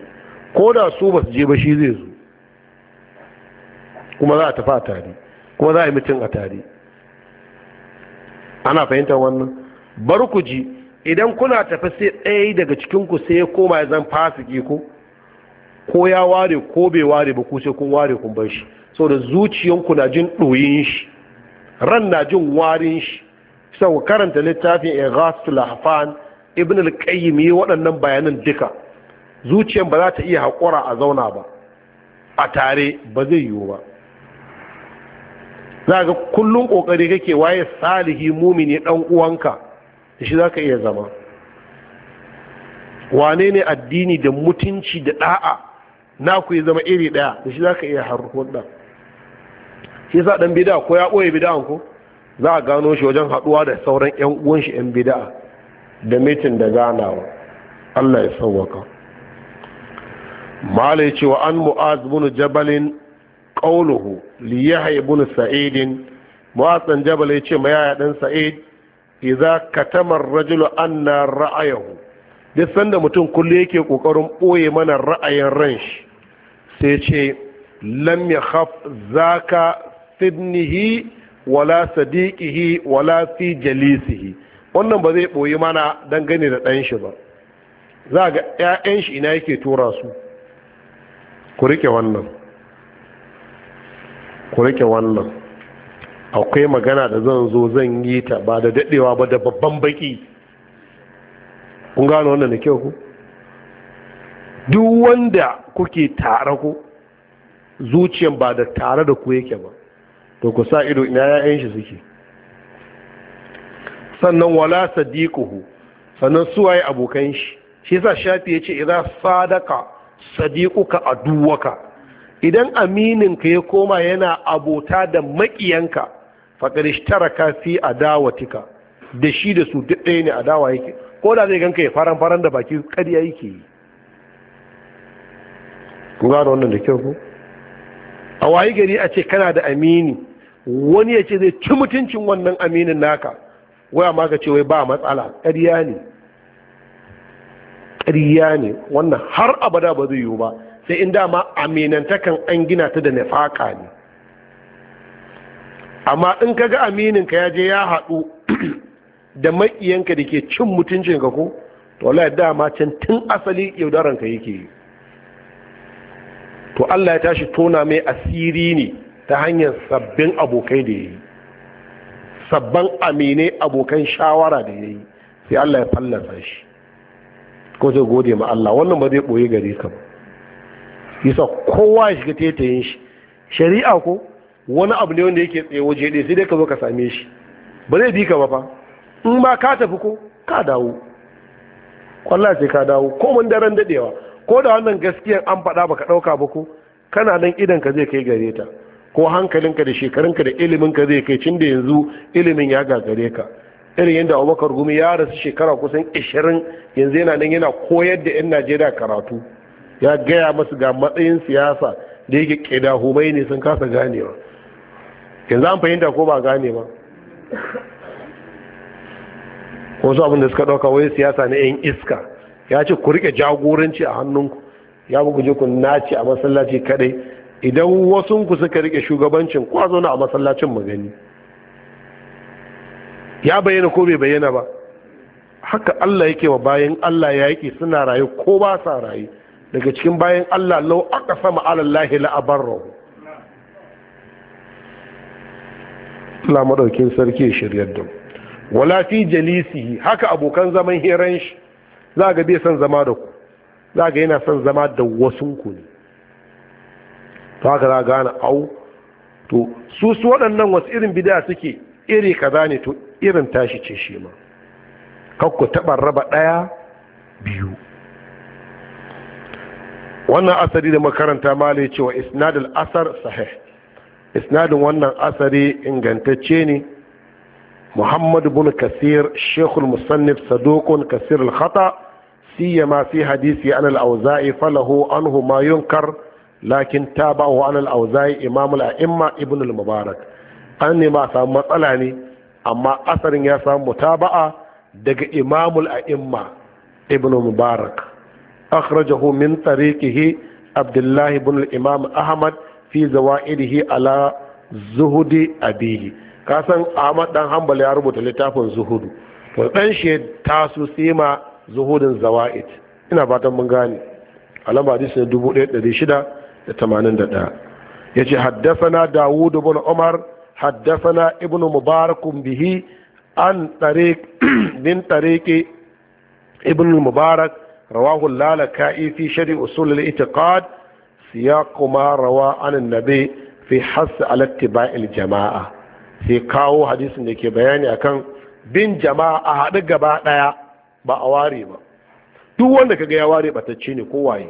ko da su ba su je ba shi zai zo kuma za a tafi a tare kuma za a yi mutum a tare ana fahimtar wannan bar ku ji idan kuna tafi sai ɗaya daga cikinku sai ya koma ya zan fasiki ku ko ya ware ko bai ware ba ku sai kun ware kun bar shi saboda zuciyanku na jin ɗoyin shi ran na jin warin shi ku karanta littafin ighasul lahfan ibn al-qayyim waɗannan bayanan duka zuciyan ba za ta iya haƙura a zauna ba a tare ba zai yiwu ba za ga kullum kokari kake waye salihi mumini dan uwanka shi zaka iya zama wane ne addini da mutunci da da'a na ku zama iri daya da shi zaka iya harhudda shi a dan bid'a ko ya boye bid'a ko za a gano shi wajen haduwa da sauran yan uwan shi yan bid'a da mitin da ganawa Allah ya sauwaka malai cewa an mu'az bin jabalin ƙaunuhu li yahya ibn sa'idin mawatsan jabal yace ce yahya dan sa'id idza katama rajulu anna ra'ayahu duk sanda mutum kullum yake ƙoƙarin ɓoye mana ra'ayin ran shi sai ce lam za ka sidnihi wala sadiqihi wala fi jalisihi wannan ba zai ɓoye mana dangane da ɗan shi ba za ga 'ya'yan shi ina yake tura su ku rike wannan ku rike wannan akwai magana da zan zo zan yi ta ba da daɗewa ba da babban baki kun gano wannan da kyau ku duk wanda kuke tare ku zuciyan ba da tare da ku yake ba to ku sa ido ina ya'yan shi suke sannan wala sadiquhu sannan suwaye abokan shi shi yasa shafi yace idza sadaka sadiquka aduwaka idan amininka ya koma yana abota da maƙiyanka faƙarishtara fi adawatika da shi da su duk ɗaya ne adawa yake ko da zai ganka ya faran faran da baki ƙarya yake yi kun gano wannan da kyau ko a wayi gari a ce kana da amini wani ya ce zai ci mutuncin wannan aminin naka waya ma ka ce wai ba matsala ƙarya ne ƙarya ne wannan har abada ba zai yiwu ba sai in dama aminantakan an gina ta da nafaka ne amma in ka kaga amininka ya je ya haɗu [clears throat] da maƙiyanka da ke cin mutuncinka ko to Allah dama can tun asali yaudaranka yake yi to Allah ya tashi tona mai asiri ne ta hanyar sabbin abokai da ya yi sabban amine abokan shawara da ya yi sai Allah ya fallasa shi ko zai gode ma Allah wannan ba zai ɓoye gare ka ba yasa kowa ya shiga tetayen shi shari'a ko wani abu ne wanda yake tsaye waje ɗaya sai dai ka zo ka same shi ba zai bi ka ba fa in ba ka tafi ko ka dawo kwallah sai ka dawo ko mun daren dadewa ko da wannan gaskiyan an faɗa ba ka ɗauka ba ko kana nan idan ka zai kai gare ta ko hankalinka da shekarunka da iliminka zai kai cin da yanzu ilimin ya gagare ka irin yadda abubakar gumi ya rasu shekara kusan 20 yanzu yana nan yana koyar da 'yan najeriya karatu ya gaya masu ga matsayin siyasa da yake ƙidahumai ne sun kasa ganewa yanzu an fahimta ko ba gane ba wasu abin da suka ɗauka wai siyasa na 'yan iska ya ce ku riƙe jagoranci a hannunku ya ku je ku naci a masallaci kaɗai idan wasunku suka riƙe shugabancin ku a zauna a masallacin magani ya bayyana ko bai bayyana ba haka Allah yake wa bayan Allah ya yake suna rayu ko ba sa rayu daga cikin bayan Allah lau aka sama alallahi la'abarro Allah maɗaukin sarki shiryar da wala fi jalisi haka abokan zaman hiran shi za ga bai son zama da ku za ga yana son zama da wasu ku ne to haka za gane au to su su waɗannan wasu irin bidaya suke iri kaza ne to irin tashi ce shi ma kakku taɓar raba ɗaya biyu wannan asari da makaranta malai cewa isnadul asar sahih isnadin wannan asari ingantacce ne muhammad bin kasir shekul musannif sadokun kasir al-khata siyama fi hadisi an al-auza'i falahu anhu ma yunkar lakin tabahu an al-auza'i imam al-a'imma ibn al-mubarak an ne ma samu matsala ne amma asarin ya samu mutaba'a daga imam al-a'imma ibn mubarak akhrajahu min tariqihi abdullahi ibn al-imam ahmad fi zawaidihi ala zuhudi abihi ka san ahmad dan hanbal ya rubuta littafin zuhudu to dan shi taso sima zuhudin zawaid ina fatan mun gane alamba hadisi na 1681 yace haddathana dawud ibn umar haddathana ibn mubarak bihi an tariq min tariqi ibn mubarak rawahu lalaka'i fi shari usul al-i'tiqad kuma rawa an annabi fi hass ala ittiba'il jama'a sai kawo hadisin da ke bayani akan bin jama'a a haɗu gaba ɗaya ba a ware ba duk wanda kaga ya ware batacce ne ko waye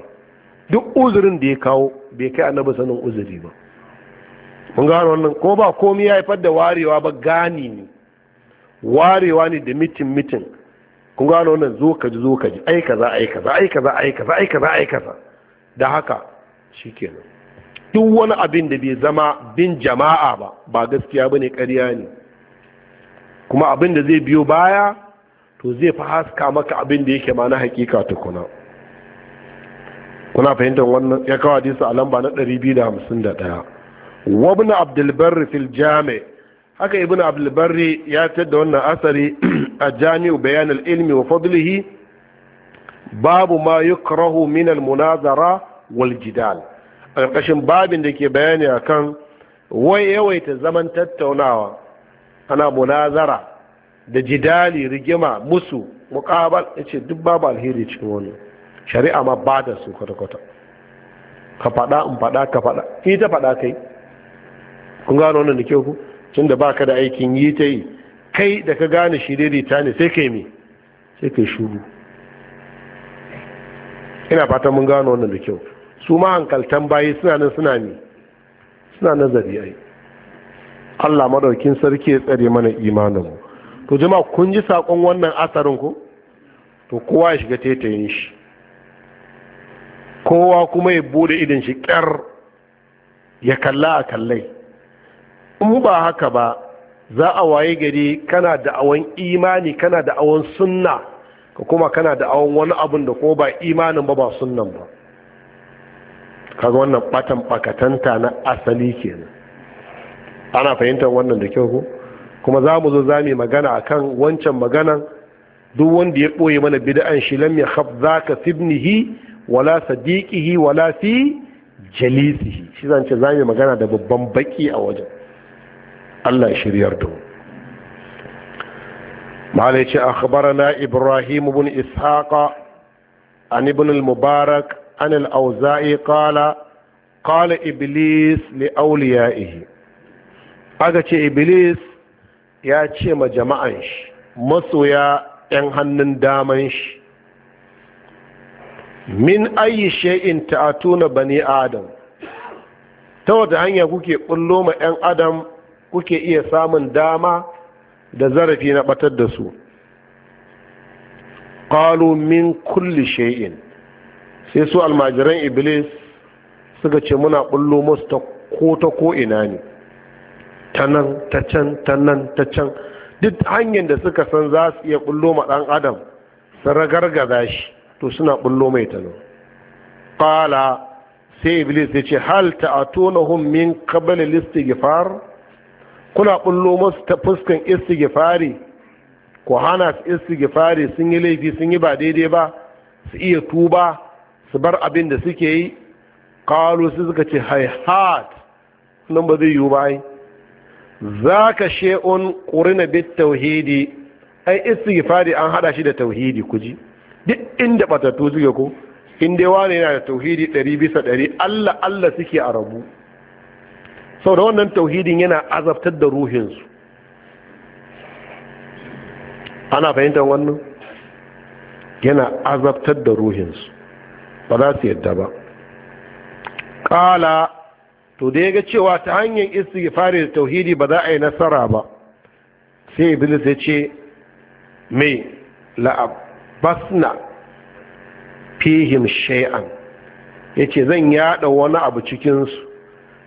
duk uzurin da ya kawo bai kai annabi sanin uzuri ba mun gano wannan ko ba komai ya haifar da warewa ba gani ne warewa ne da mitin mitin kun gano wannan zo ka ji zo ka ji ai kaza ai kaza ai kaza ai kaza ai kaza ai kaza da haka shikenan duk wani abin da bai zama bin jama'a ba ba gaskiya bane ƙarya ne kuma abin da zai biyo baya to zai fa haska maka abin da yake ma na hakika tukuna kuna fahimtar wannan ya kawo hadisi a lamba na 251 wabna abdulbarri fil jami haka ibn abdulbarri ya tada wannan asari a jami'u bayan ilmi wa fadlihi babu ma yukrahu munazara wal jidal a ƙarƙashin babin da ke bayani akan wai yawaita zaman tattaunawa ana munazara da jidali rigima musu muƙabal yace duk babu alheri cikin wani shari'a ma ba da su ka faɗa in faɗa ka faɗa yi faɗa kai kun gano wannan da kyau ku tun da baka da aikin yi ta yi kai da ka gane shi daidaita ne sai kai me sai kai shuru ina fata mun gano wannan da kyau su ma hankaltan bayi suna nan suna ne suna nazari ai Allah madaukin sarki ya tsare mana imanin mu to jama'a kun ji sakon wannan asarin ko to kowa ya shiga taitayin shi kowa kuma ya bude idan shi kyar ya kalla a kallai in ba haka ba za a waye gari kana da awon imani kana da awon sunna ka kuma kana da awon wani abun da ko ba imanin ba ba sunnan ba kaga wannan batan bakatanta na asali kenan ana fahimtar wannan da kyau ko kuma za mu zo za mu magana akan wancan maganan duk wanda ya ɓoye mana bid'an shi lam ya za zaka sibnihi wala sadiqihi wala fi jalisihi shi zan ce za mu magana da babban baki a wajen Allah shiryar da mu a ce na ibrahim bin ishaqa an ibn al-mubarak an al-auza'i qala qala iblis li awliyaihi aga ce iblis ya ce ma jama'an shi masoya 'yan hannun daman shi min ayi shay'in ta'atuna bani adam ta wata hanya kuke ɓullo ma 'yan adam kuke iya samun dama da zarafi na batar da su ƙalu min kulli shay'in sai su almajiran iblis suka ce muna bullo musu ta ko ta ko ina ne ta nan ta can ta nan ta can duk hanyar da suka san za su iya bullo ma ɗan adam su ragargaza shi to suna bullo mai ta nan ƙala sai iblis ya ce hal ta min kabbalin listi gifar. kuna bullo musu ta fuskan istighfari ko hana su istighfari sun yi laifi sun yi ba daidai ba su iya tuba su bar abin da suke yi kalu su suka ce hat nan ba zai yiwu ba za ka she'un ƙurina bit tauhidi ai istighfari an hada shi da tauhidi kuji duk inda ɓatattu suke ko in dai yana da tauhidi ɗari bisa ɗari allah allah suke a rabu sau da wannan tauhidin yana azabtar da ruhinsu ana fahimtar wannan yana azabtar da ruhinsu ba za su yadda ba ƙala to da ya ga cewa ta hanyar ya fara da tauhidi ba za a yi nasara ba sai iblis ya ce mai la'abbasna fihim shay'an ya ce zan yada wani abu cikinsu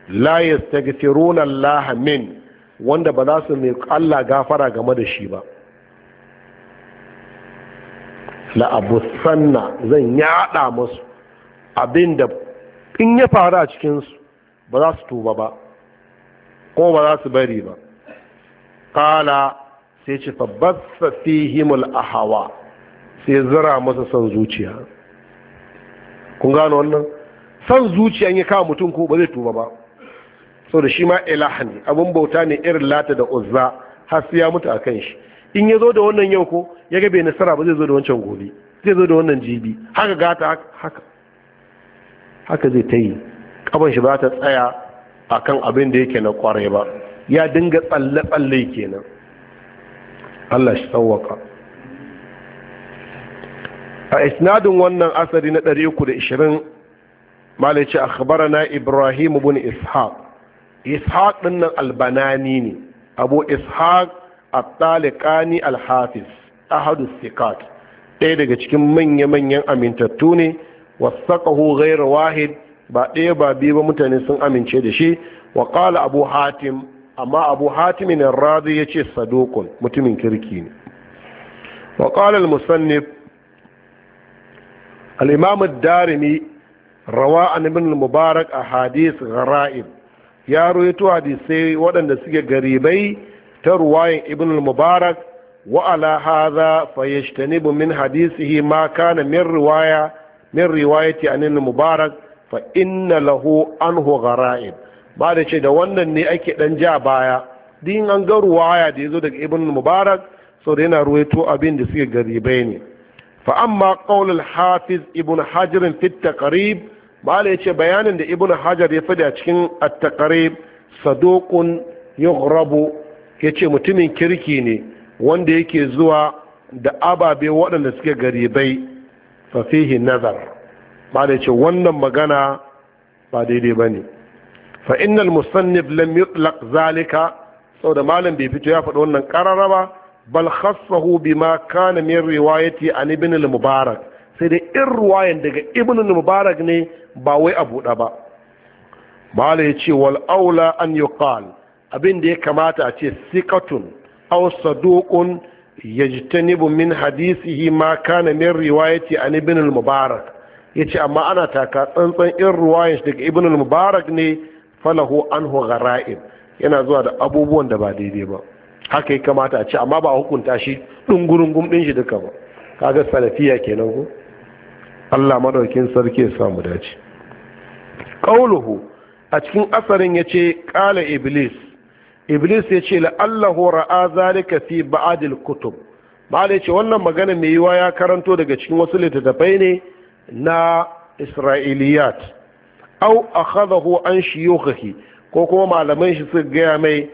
la yastaghfiruna Allah min wanda ba za su ne Allah gafara game da shi ba la abusanna zan yada musu abinda in ya faru a cikin su ba za su tuba ba ko ba za su bari ba qala sai ce fa fihim al-ahwa sai zira masa son zuciya kun gano wannan son zuciya ya kawo mutum ko ba zai tuba ba so da shi ma ilaha ne abin bauta ne irin lata da uzza har sai ya mutu akan shi in ya zo da wannan yau ko ya ga bai nasara ba zai zo da wancan gobe zai zo da wannan jibi haka gata haka haka zai ta yi kaban shi ba ta tsaya akan abin da yake na kwarai ba ya dinga tsalle tsalle kenan Allah shi tsawaka a isnadin wannan asari na 320 malice akhbarana ibrahim ibn ishaq ishaq din nan albanani ne abu ishaq at-talikani al ahadu sikat ɗaya daga cikin manya-manyan amintattu ne wasaqahu ghayr wahid ba ɗaya ba biyu ba mutane sun amince da shi wa qala abu hatim amma abu hatim ne razi yace sadukun mutumin kirki ne wa qala al-musannif al-imam ad-darimi rawa an ibn al-mubarak ahadith ya roito hadisai waɗanda suke garibai ta ruwayin ibn mubarak wa ala hadha fa yajtanibu min hadisihi ma kana min riwaya min riwayati al mubarak fa inna lahu anhu gharaib ba da ce da wannan ne ake dan ja baya din an ga ruwaya da yazo daga ibn mubarak so da yana ruwaito abin da suke garibai ne fa amma qawl al hafiz ibn hajar fi taqrib bala ya ce bayanin da ibn hajar ya fada cikin attakare sadokun yughrabu ya ce mutumin kirki ne wanda yake zuwa da ababe waɗanda suke garibai fafihi nazar bala ya ce wannan magana ba daidai ba ne fa innal musannif lam yutlaq zalika da malam bai fito ya faɗi wannan ƙararraba bal khassahu bima kana min riwayati an ibn al-mubarak sai dai in ruwayan daga ibn mubarak ne ba wai a buɗa ba la ya ce wal aula an yuqal abin da ya kamata a ce sikatun aw saduqun ta min hadisihi ma kana min riwayati an ibn mubarak ce amma ana taka tsantsan in ruwayan daga ibn mubarak ne falahu anhu gara'in yana zuwa da abubuwan da ba daidai ba haka ya kamata a ce amma ba a hukunta shi ɗungurungun ɗin shi duka ba kaga salafiya kenan ko Allah madaukin sarki ya samu dace qauluhu a cikin asarin yace qala iblis iblis yace Allahu ra'a zalika fi ba'd al-kutub ba ce wannan magana mai yiwa ya karanto daga cikin wasu littattafai ne na isra'iliyat au akhadahu an shiyukhihi ko kuma malaman shi suka gaya mai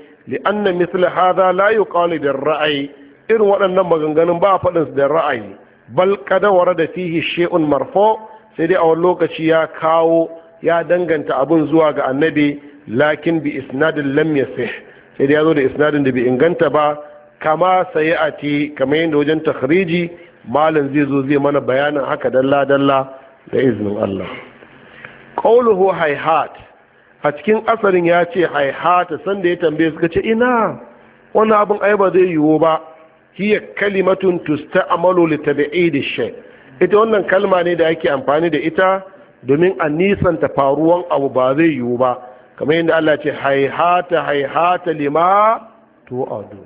anna mithla hadha la yuqalu bil ra'ayi irin waɗannan maganganun ba faɗin su da ra'ayi bal kada warada fihi shay'un marfu sai dai a wani lokaci ya kawo ya danganta abun zuwa ga annabi lakin bi isnadin lam yasih sai dai ya zo da isnadin da bai inganta ba kama sayati kamar yadda wajen takhriji malam zai zo zai mana bayanin haka dalla dalla da iznin Allah qawluhu hayhat a cikin asalin ya ce haihata sanda ya tambaye suka ce ina wani abin ai zai yiwu ba hiya kalimatun tusta'malu li tab'id shay ita wannan kalma ne da ake amfani da ita domin a nisanta faruwan abu ba zai yiwu ba kamar yadda Allah ce haihata haihata lima tu'adu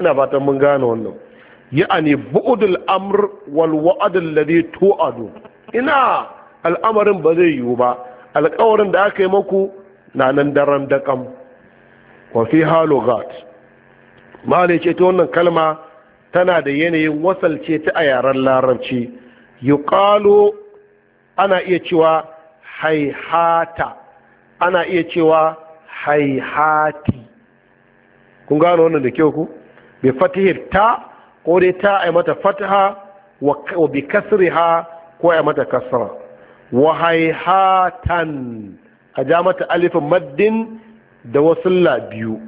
ina fatan mun gane wannan ya'ani bu'dul amr wal wa'd alladhi tu'adu ina al'amarin ba zai yiwu ba alƙawarin da aka yi maku na nan daren daƙam wa fi mala ce ta wannan kalma tana da yanayin wasalce ta a yaren larabci yuqalu ana iya cewa haihata ana iya cewa haihati kun gano wannan da kyau ku bi fatihir ta ko dai ta a mata fataha wa bi kasriha ko a mata kasra wa haihatan a ja mata alifin maddin da wasu biyu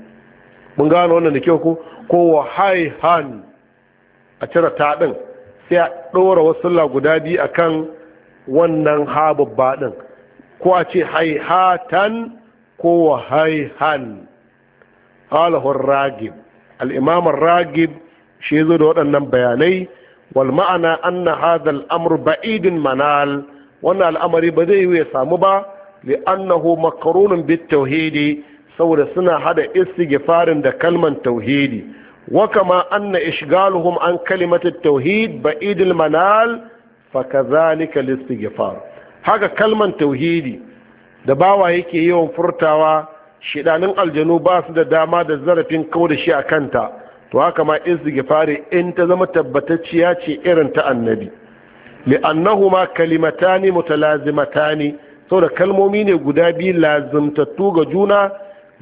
mun gano wannan da kyau ko ko wa haihan a cire ta din sai a ɗora wasu guda biyu akan wannan ha babba din ko a ce haihatan ko wa haihan qalahur ragib al-imam ragib shi yazo da waɗannan bayanai wal ma'ana anna hadha al-amru ba'idun manal wannan al'amari ba zai yi ya samu ba li'annahu makarunun bit tauhidi saboda suna hada istighfarin da kalman tauhidi wa kama anna ishgaluhum an kalimatat tauhid ba'idil manal fa kadhalika al-istighfar haka kalman tauhidi da bawa yake yawan furtawa shidanin aljanu ba su da dama da zarafin kawo da shi a kanta to haka ma istighfari in ta zama tabbatacciya ce irin ta annabi li'annahuma kalimatani mutalazimatani saboda kalmomi ne guda biyu lazimtattu ga juna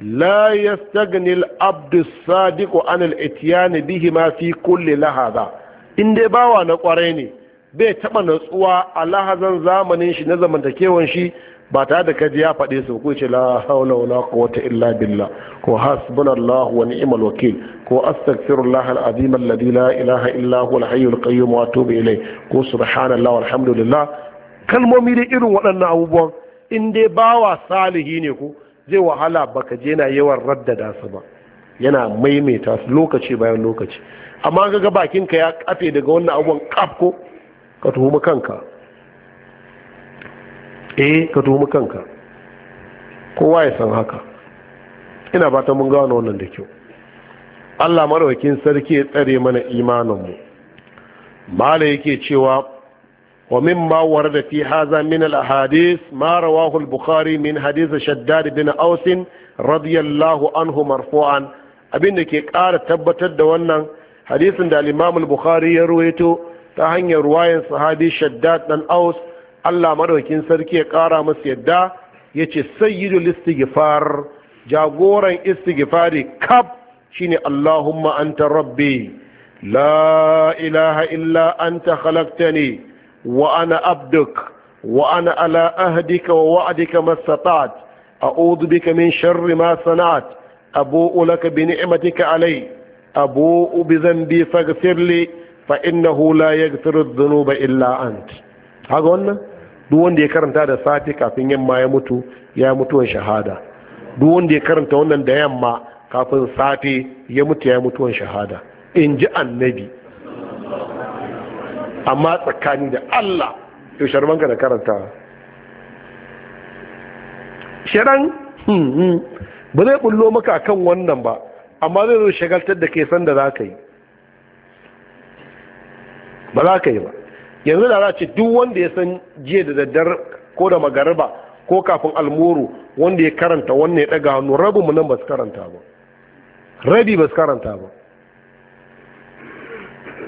la yastagni al-abdu sadiqu an al bihi ma fi kulli lahaza in dai bawa na kwarai ne bai taɓa natsuwa a lahazan zamanin shi na zamantakewan shi ba tare da kaji ya faɗe su ko ce la haula wala quwwata illa billah ko hasbunallahu wa ni'mal wakil ko astaghfirullah al-azim alladhi la ilaha illa al-hayyul qayyum wa atubu ko subhanallahi walhamdulillah kalmomi da irin waɗannan abubuwan in dai bawa salihi ne ko zai wahala baka je na yawan raddada su ba yana maimaita su lokaci bayan lokaci amma ga ga bakinka ya kafe daga wannan abubuwan kafko, ka tuhumi kanka eh ka tuhumi kanka kowa ya san haka ina ba ta mun gano wannan da kyau Allah marwakin sarki ya tsare mana imaninmu mala yake cewa ومما ورد في هذا من الأحاديث ما Bukhari, min من حديث شداد بن أوس رضي الله عنه مرفوعا abin da ke ƙara tabbatar da wannan hadisin da al bukhari ya ruwaito ta hanyar ruwayan sahabi shaddad dan aus Allah madaukin sarki ya ƙara masa yadda ya yace sayyidul istighfar jagoran istighfari kaf shine Allahumma anta rabbi la ilaha illa anta khalaqtani wa ana abduk wa ana ala ahdika wa wa'adika mastata'at a'udhu bika min sharri ma sana'at abu'u laka bi ni'matika alay abu'u bi dhanbi faghfir li fa innahu la yaghfiru dhunuba illa ant haka wannan duk wanda ya karanta da safi kafin yamma ya mutu ya mutuwan shahada duk wanda ya karanta wannan da yamma kafin safe ya mutu ya mutuwan shahada in ji annabi amma tsakani da Allah yau sharmanka da karanta shirin hmm, hmm. ba zai bullo maka kan wannan ba amma zai zo shagaltar da ke san da za ka yi ba za ka yi ba yanzu da za ce duk wanda ya san jiya da daddar ko da magariba ko kafin almuru wanda ya karanta wannan ya daga hannu rabin mu nan ba su karanta ba rabi ba su karanta ba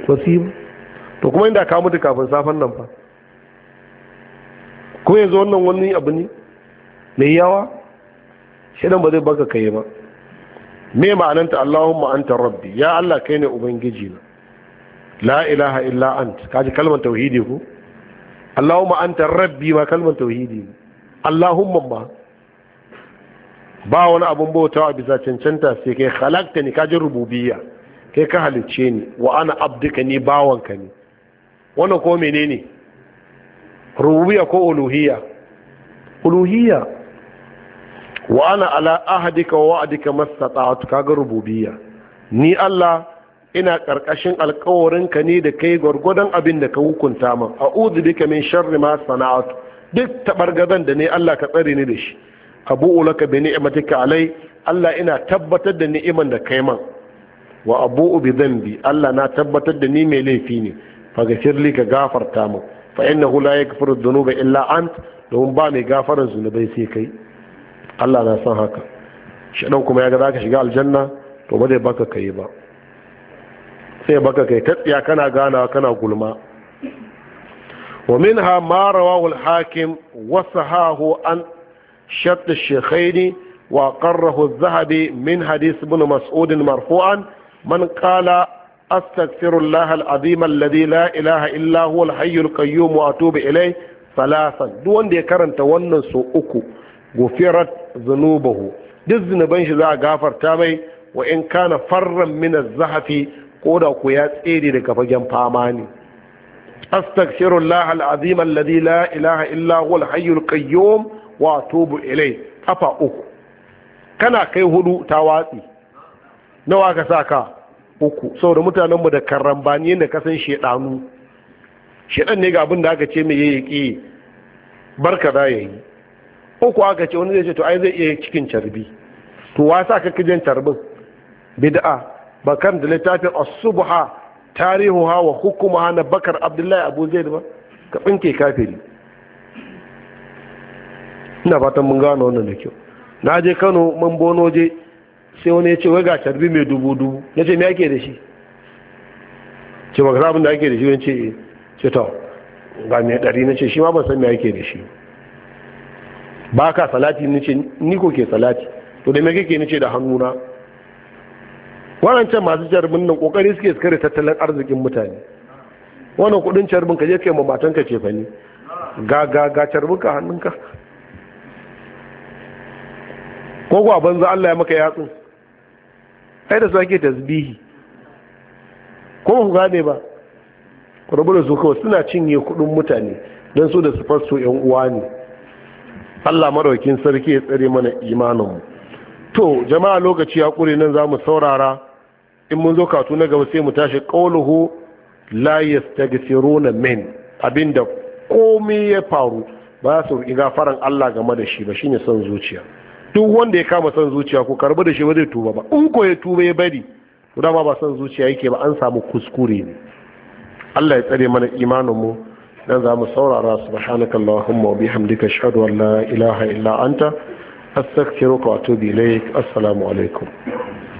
ba su yi ba to kuma inda ka mutu kafin safan nan fa kuma yanzu wannan wani abu ne mai yawa shaidan ba zai baka kai ba me ma'ananta Allahumma anta rabbi ya Allah kai ne ubangiji na la ilaha illa ant kaji kalmar tauhidi ko Allahumma anta rabbi ma kalmar tauhidi Allahumma ba ba wani abun a bisa cancanta sai kai halakta ni kaji rububiyya kai ka halicce ni wa ana abduka ni bawanka ne wannan ko menene rububiyya ko uluhiyya uluhiyya wa ana ala ahadika wa wa'adika kaga rububiyya ni Allah ina karkashin alkawarinka ne da kai gwargwadon abin da ka hukunta min a'udhu bika min sharri ma sana'tu duk tabargazan da ne Allah ka tsare ni da shi abu ulaka bi ni'matika alai Allah ina tabbatar da ni'iman da kai man wa abu'u bi dhanbi Allah na tabbatar da ni mai laifi ne faghfir li ka gafarta mu fa innahu la yaghfiru dhunuba illa ant domin ba mai gafaran zunubai sai kai Allah na san haka shaɗan kuma ya ga zaka shiga aljanna to ba zai baka kai ba sai baka kai ta tsiya kana ganawa kana gulma wa minha ma rawahu al-hakim wa sahahu an shatt ash-shaykhayn wa qarrahu adh-dhahabi min hadith ibn mas'ud marfu'an man qala astaghfirullah al-azim alladhi la ilaha illa huwa al-hayyul qayyum wa atubu ilayh salasan duk ya karanta wannan so uku gufirat zunubahu duk zunuban shi za a gafarta mai wa in kana farran min zahafi ko da ku ya tsere daga fagen fama ne astaghfirullah al-azim alladhi la ilaha illa huwa al-hayyul qayyum wa atubu ilayh kafa uku kana kai hudu ta watsi nawa ka saka uku saboda mutanenmu da karambani yadda kasan shedanu shedan ne ga abin da aka ce mai yayi ki barka da yayi uku aka ce wani zai ce to ai zai iya cikin carbi to wa sa ka kijin carbin bid'a bakar da littafin as-subha tarihuha wa hukumuha na bakar abdullahi abu zaid ba ka tsinke kafiri ina fatan mun gano wannan da kyau na je kano mun bono je sai wani ya ce wai ga carbi mai dubu dubu na ce me ake da shi ce maka sabon da ake da shi wani ce eh. ce ta ga mai dari na ce shi ma ban san me ake da shi ba ka salati ni ce ni ko ke salati to da mai kake ni ce da hannuna waɗancan masu carbin nan kokari suke kare tattalin arzikin mutane wannan kudin carbin ka je kai ma matanka ce fani ga ga ga carbin ka hannunka ko gwa banza Allah ya maka yatsun ai da su ake tasbihi ko ku gane ba rabu da su kawai suna cinye kudin mutane don su da su fasto yan uwa ne Allah maraukin sarki ya tsare mana imaninmu to jama'a lokaci ya kure nan za mu saurara in mun zo katu na gaba sai mu tashi qauluhu la yastaghfiruna min abinda komai ya faru ba su gafaran Allah game da shi ba shine son zuciya duk wanda ya kama son zuciya ko karbi da shi ba zai tuba ba in ko ya tuba ya bari guda ma ba son zuciya yake ba an samu kuskure ne Allah ya tsare mana imanin mu dan za mu saurara subhanaka allahumma wa bihamdika ashhadu an la ilaha illa anta astaghfiruka wa atubu ilaik assalamu alaikum